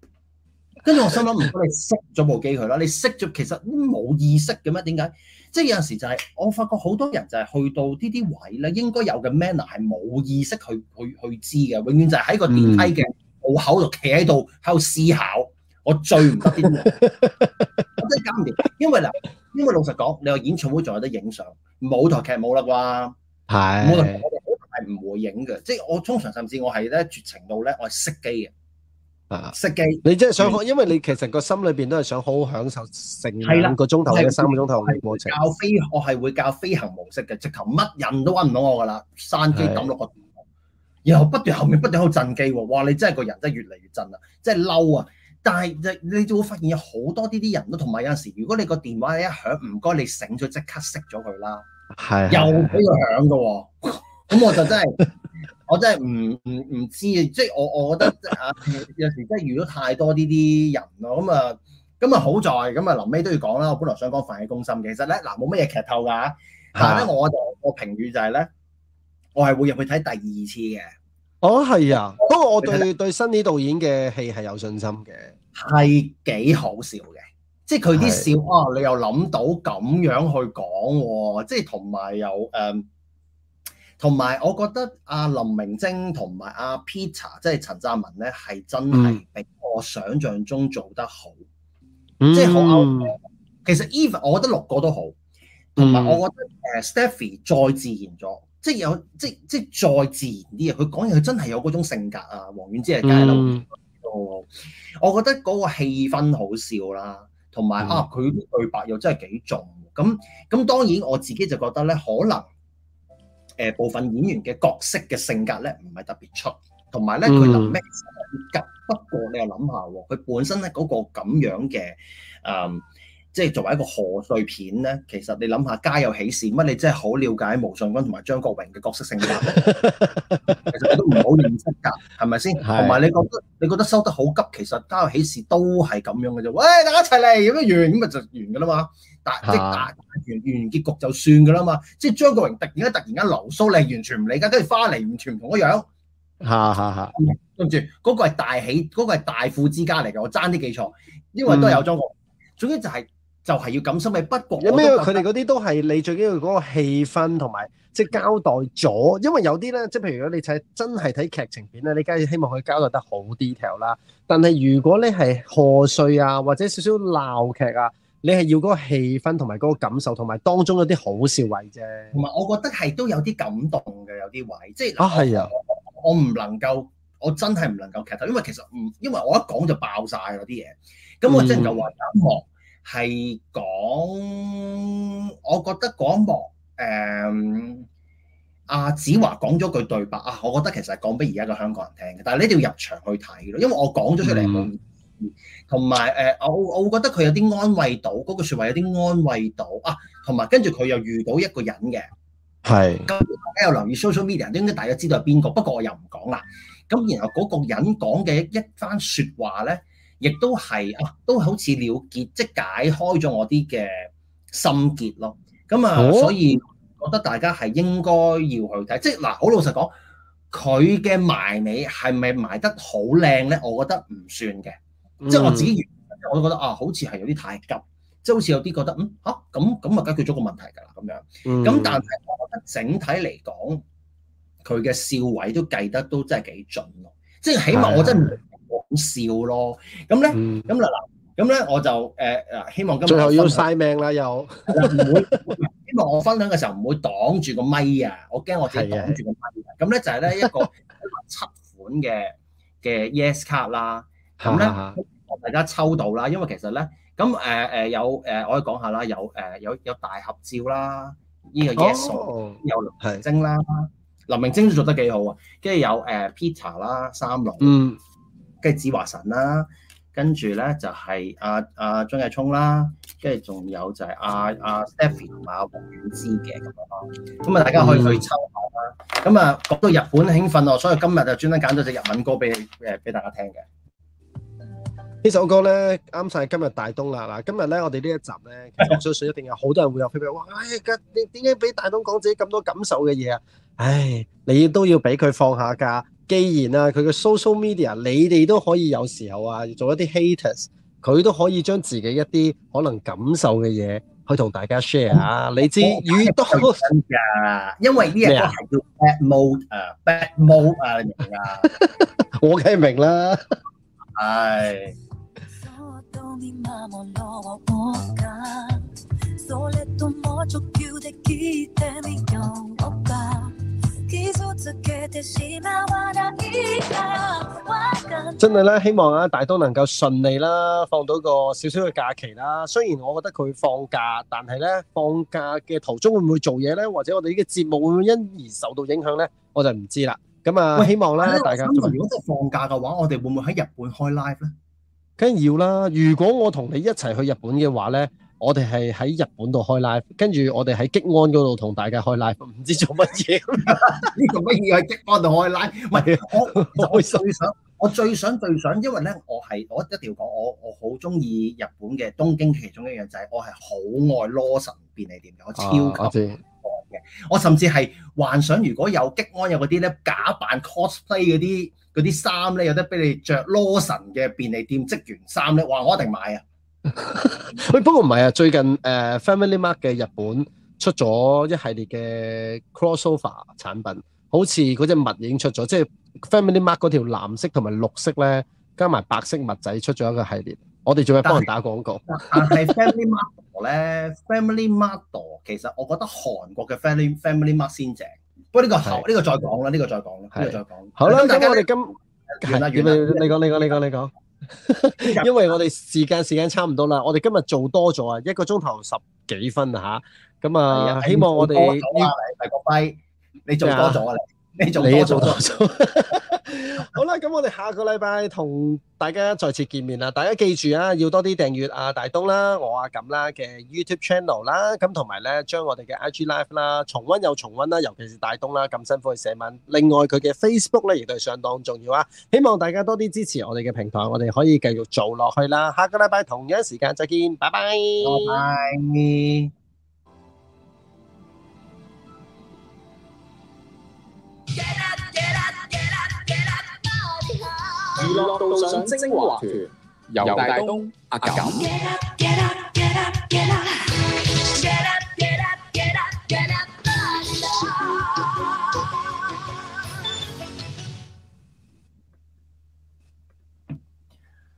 跟住我心諗，唔該你熄咗部機佢啦。你熄咗，其實都冇意識嘅咩？點解？即係有陣時就係、是、我發覺好多人就係去到呢啲位咧，應該有嘅 manner 係冇意識去去去知嘅，永遠就係喺個電梯嘅路口度企喺度，喺度思考我最唔得邊度？真搞唔掂，因為嗱，因為老實講，你話演唱會仲有得影相，舞台劇冇啦啩。係，我哋好大唔會影嘅，即係我通常甚至我係咧絕情到咧，我熄機嘅，熄機機。你真係想學，的因為你其實個心裏邊都係想好好享受成兩個鐘頭嘅三個鐘頭嘅過程。教飛，我係會教飛行模式嘅，直頭乜人都搵唔到我噶啦，山機抌落個電話，的然後不斷後面不斷好震機，哇！你真係個人真係越嚟越震啦，即係嬲啊！但係你就會發現有好多啲啲人都，同埋有陣時，如果你個電話一響，唔該你醒咗，即刻熄咗佢啦。係又俾佢響嘅，咁的我就真係， 我真係唔唔唔知啊！即係我我覺得，有有時真係遇到太多呢啲人咯。咁啊，咁啊好在，咁啊臨尾都要講啦。我本來想講《飯戲攻心》嘅，其實咧嗱，冇乜嘢劇透噶。但係咧，我就我評語就係、是、咧，我係會入去睇第二次嘅。哦，係啊，不過我，我對我對新呢導演嘅戲係有信心嘅，係幾好笑嘅。即係佢啲笑啊！你又諗到咁樣去講喎、啊，即係同埋有同埋、嗯、我覺得阿林明禎同埋阿 Peter 即係陳湛文咧，係真係比我想象中做得好，嗯、即係好幽默，其實 Even 我覺得六個都好，同埋我覺得 Stephy 再自然咗、嗯，即係有即即再自然啲啊！佢講嘢佢真係有嗰種性格啊。王菀之係街溜、嗯、我覺得嗰個氣氛好笑啦。同埋啊，佢啲對白又真係幾重咁咁，當然我自己就覺得咧，可能、呃、部分演員嘅角色嘅性格咧唔係特別出，同埋咧佢能力唔夠。不過你又諗下喎，佢本身咧嗰、嗰個咁樣嘅即係作為一個賀歲片咧，其實你諗下《家有喜事》乜你真係好了解毛舜筠同埋張國榮嘅角色性格， 其實我都唔好認出㗎，係咪先？同埋是你覺得你覺得收得好急，其實《家有喜事》都係咁樣嘅啫。喂，大家一齊嚟，咁樣完，咁咪就完㗎啦嘛。但是、啊、即係完完結局就算㗎啦嘛。即係張國榮突然間突然間流蘇，你係完全唔理㗎，跟住翻嚟完全唔同嘅樣。嚇嚇嚇！跟住嗰個係大喜，嗰、嗰個係大富之家嚟嘅，我爭啲記錯，因為都有張國榮。嗯、總之就係、是。就係要感心，咪？不過有咩？佢哋嗰啲都係你最緊要嗰個氣氛同埋，即係交代咗。因為有啲咧，即係譬如果你睇真係睇劇情片咧，你梗係希望佢交代得好 detail 啦。但係如果你係賀歲啊，或者少少鬧劇啊，你係要嗰個氣氛同埋嗰個感受，同埋當中有啲好笑位啫。同埋我覺得係都有啲感動嘅，有啲位即係、就是、啊，係啊，我唔能夠，我真係唔能夠劇透，因為其實唔，因為我一講就爆晒嗰啲嘢。咁我真就話音係講，我覺得嗰一幕，誒、嗯，阿、啊、子華講咗句對白啊，我覺得其實係講俾而家嘅香港人聽嘅，但係你哋要入場去睇咯，因為我講咗出嚟冇，同埋誒，我我覺得佢有啲安慰到，嗰、嗰個説話有啲安慰到啊，同埋跟住佢又遇到一個人嘅，係是，咁大家有留意 social media，都應該大家知道係邊個，不過我又唔講啦。咁然後嗰個人講嘅一番説話咧。亦都係啊，都好似了結，即解開咗我啲嘅心結咯。咁啊，所以覺得大家係應該要去睇。好即係嗱，好老實講，佢嘅埋尾係咪埋得好靚咧？我覺得唔算嘅，嗯、即我自己我都覺得啊，好似係有啲太急，即係好似有啲覺得嗯吓，咁咁啊解決咗個問題㗎啦咁樣。咁、嗯、但係我覺得整體嚟講，佢嘅笑位都計得都真係幾準咯。即係起碼我真係。講笑咯，咁咧，咁嗱嗱，咁咧我就誒、呃，希望今日最後要嘥命啦，又唔 會希望我分享嘅時候唔會擋住個咪啊，我驚我係擋住個咪。咁咧的就係咧一個七款嘅嘅 Yes 卡啦，咁咧、 呃呃呃、大家抽到啦，因為其實咧咁誒誒有誒、呃，我可以講下啦，有誒、呃、有有，有大合照啦，呢、這個 Yes、哦、有林明晶啦，的林明晶都做得幾好啊，跟住，有誒 Peter 啦，呃、Peter，三郎嗯。跟住子華神啦，跟住咧就係阿阿張繼聰啦，跟住仲有就係阿阿 Stephy 同埋阿王菀之嘅咁樣咯。咁啊，大家可以去抽下啦。咁啊，講到日本興奮哦，所以今日就專登揀咗隻日文歌俾誒俾大家聽嘅。呢首歌咧啱晒今日大東啦。嗱，今日咧我哋呢一集咧，其實我相信一定有好多人會有批評話，唉、 哎，你點解俾大東講自己咁多感受嘅嘢啊？唉、哎，你都要俾佢放下㗎。既然啊，佢嘅 social media，你哋都可以有時候啊，做一啲 haters，佢都可以將自己一啲可能感受嘅嘢，去同大家 share 啊。你知，都係真㗎，因為呢啲都係叫 bad mode o 啊，啊，bad mode o 啊， 你明啊？我梗係明啦， 唉。 真係咧，希望啊，大東能夠順利啦，放到個少少嘅假期啦。雖然我覺得佢放假，但係咧，放假嘅途中會唔會做嘢咧？或者我哋呢個節目會唔會因而受到影響咧？我就唔知啦。咁啊，希望咧，大家。如果真係放假嘅話，我哋會唔會喺日本開 live 咧？梗係要啦。如果我同你一齊去日本嘅話咧？我哋係喺日本度開 live，跟住我哋喺激安嗰度同大家開 live，唔知做乜嘢？呢個乜嘢喺激安度開 live？唔係，我我最想， 我最想最想，因為咧，我係我一定要講，我我好中意日本嘅東京，其中一樣就係我係好愛羅神便利店嘅，我超級愛嘅。啊、我，我甚至係幻想，如果有激安有嗰啲咧假扮 cosplay 嗰啲啲衫咧，有得俾你着羅神嘅便利店職員衫咧，哇！我一定買啊！喂， 不過唔係啊，最近誒 Family Mart 嘅日本出咗一系列嘅 Crossover 產品，好似嗰隻襪影出咗，即係 Family Mart 嗰條藍色同埋綠色咧，加埋白色襪仔出咗一個系列。我哋仲係幫人打廣告、那個。但係 Family Mart 咧 ，Family Mart 其實我覺得韓國嘅 Family Family Mart 先正。不過呢、這個好，呢是個再講啦，呢、這個再講啦，呢是個再講。好啦，咁我哋今係點、啊啊啊、你講，你講，你講，你講。你 因為我哋時間時間差唔多啦，我哋今日做多咗啊，一個鐘頭十幾分呀。吓，咁啊，的希望我哋係個跛，你做多咗啊，你你做多咗。好啦，咁我哋下個禮拜同大家再次見面啦，大家記住啊，要多啲訂閱阿大東啦、我阿錦啦嘅 YouTube channel 啦，咁同埋咧將我哋嘅 IG live 啦重温又重温啦，尤其是大東啦咁辛苦去寫文，另外佢嘅 Facebook 咧亦都係相當重要啊，希望大家多啲支持我哋嘅平台，我哋可以繼續做落去啦，下個禮拜同樣時間再見，拜拜，拜拜。娛樂導賞精華團，游大東、阿錦。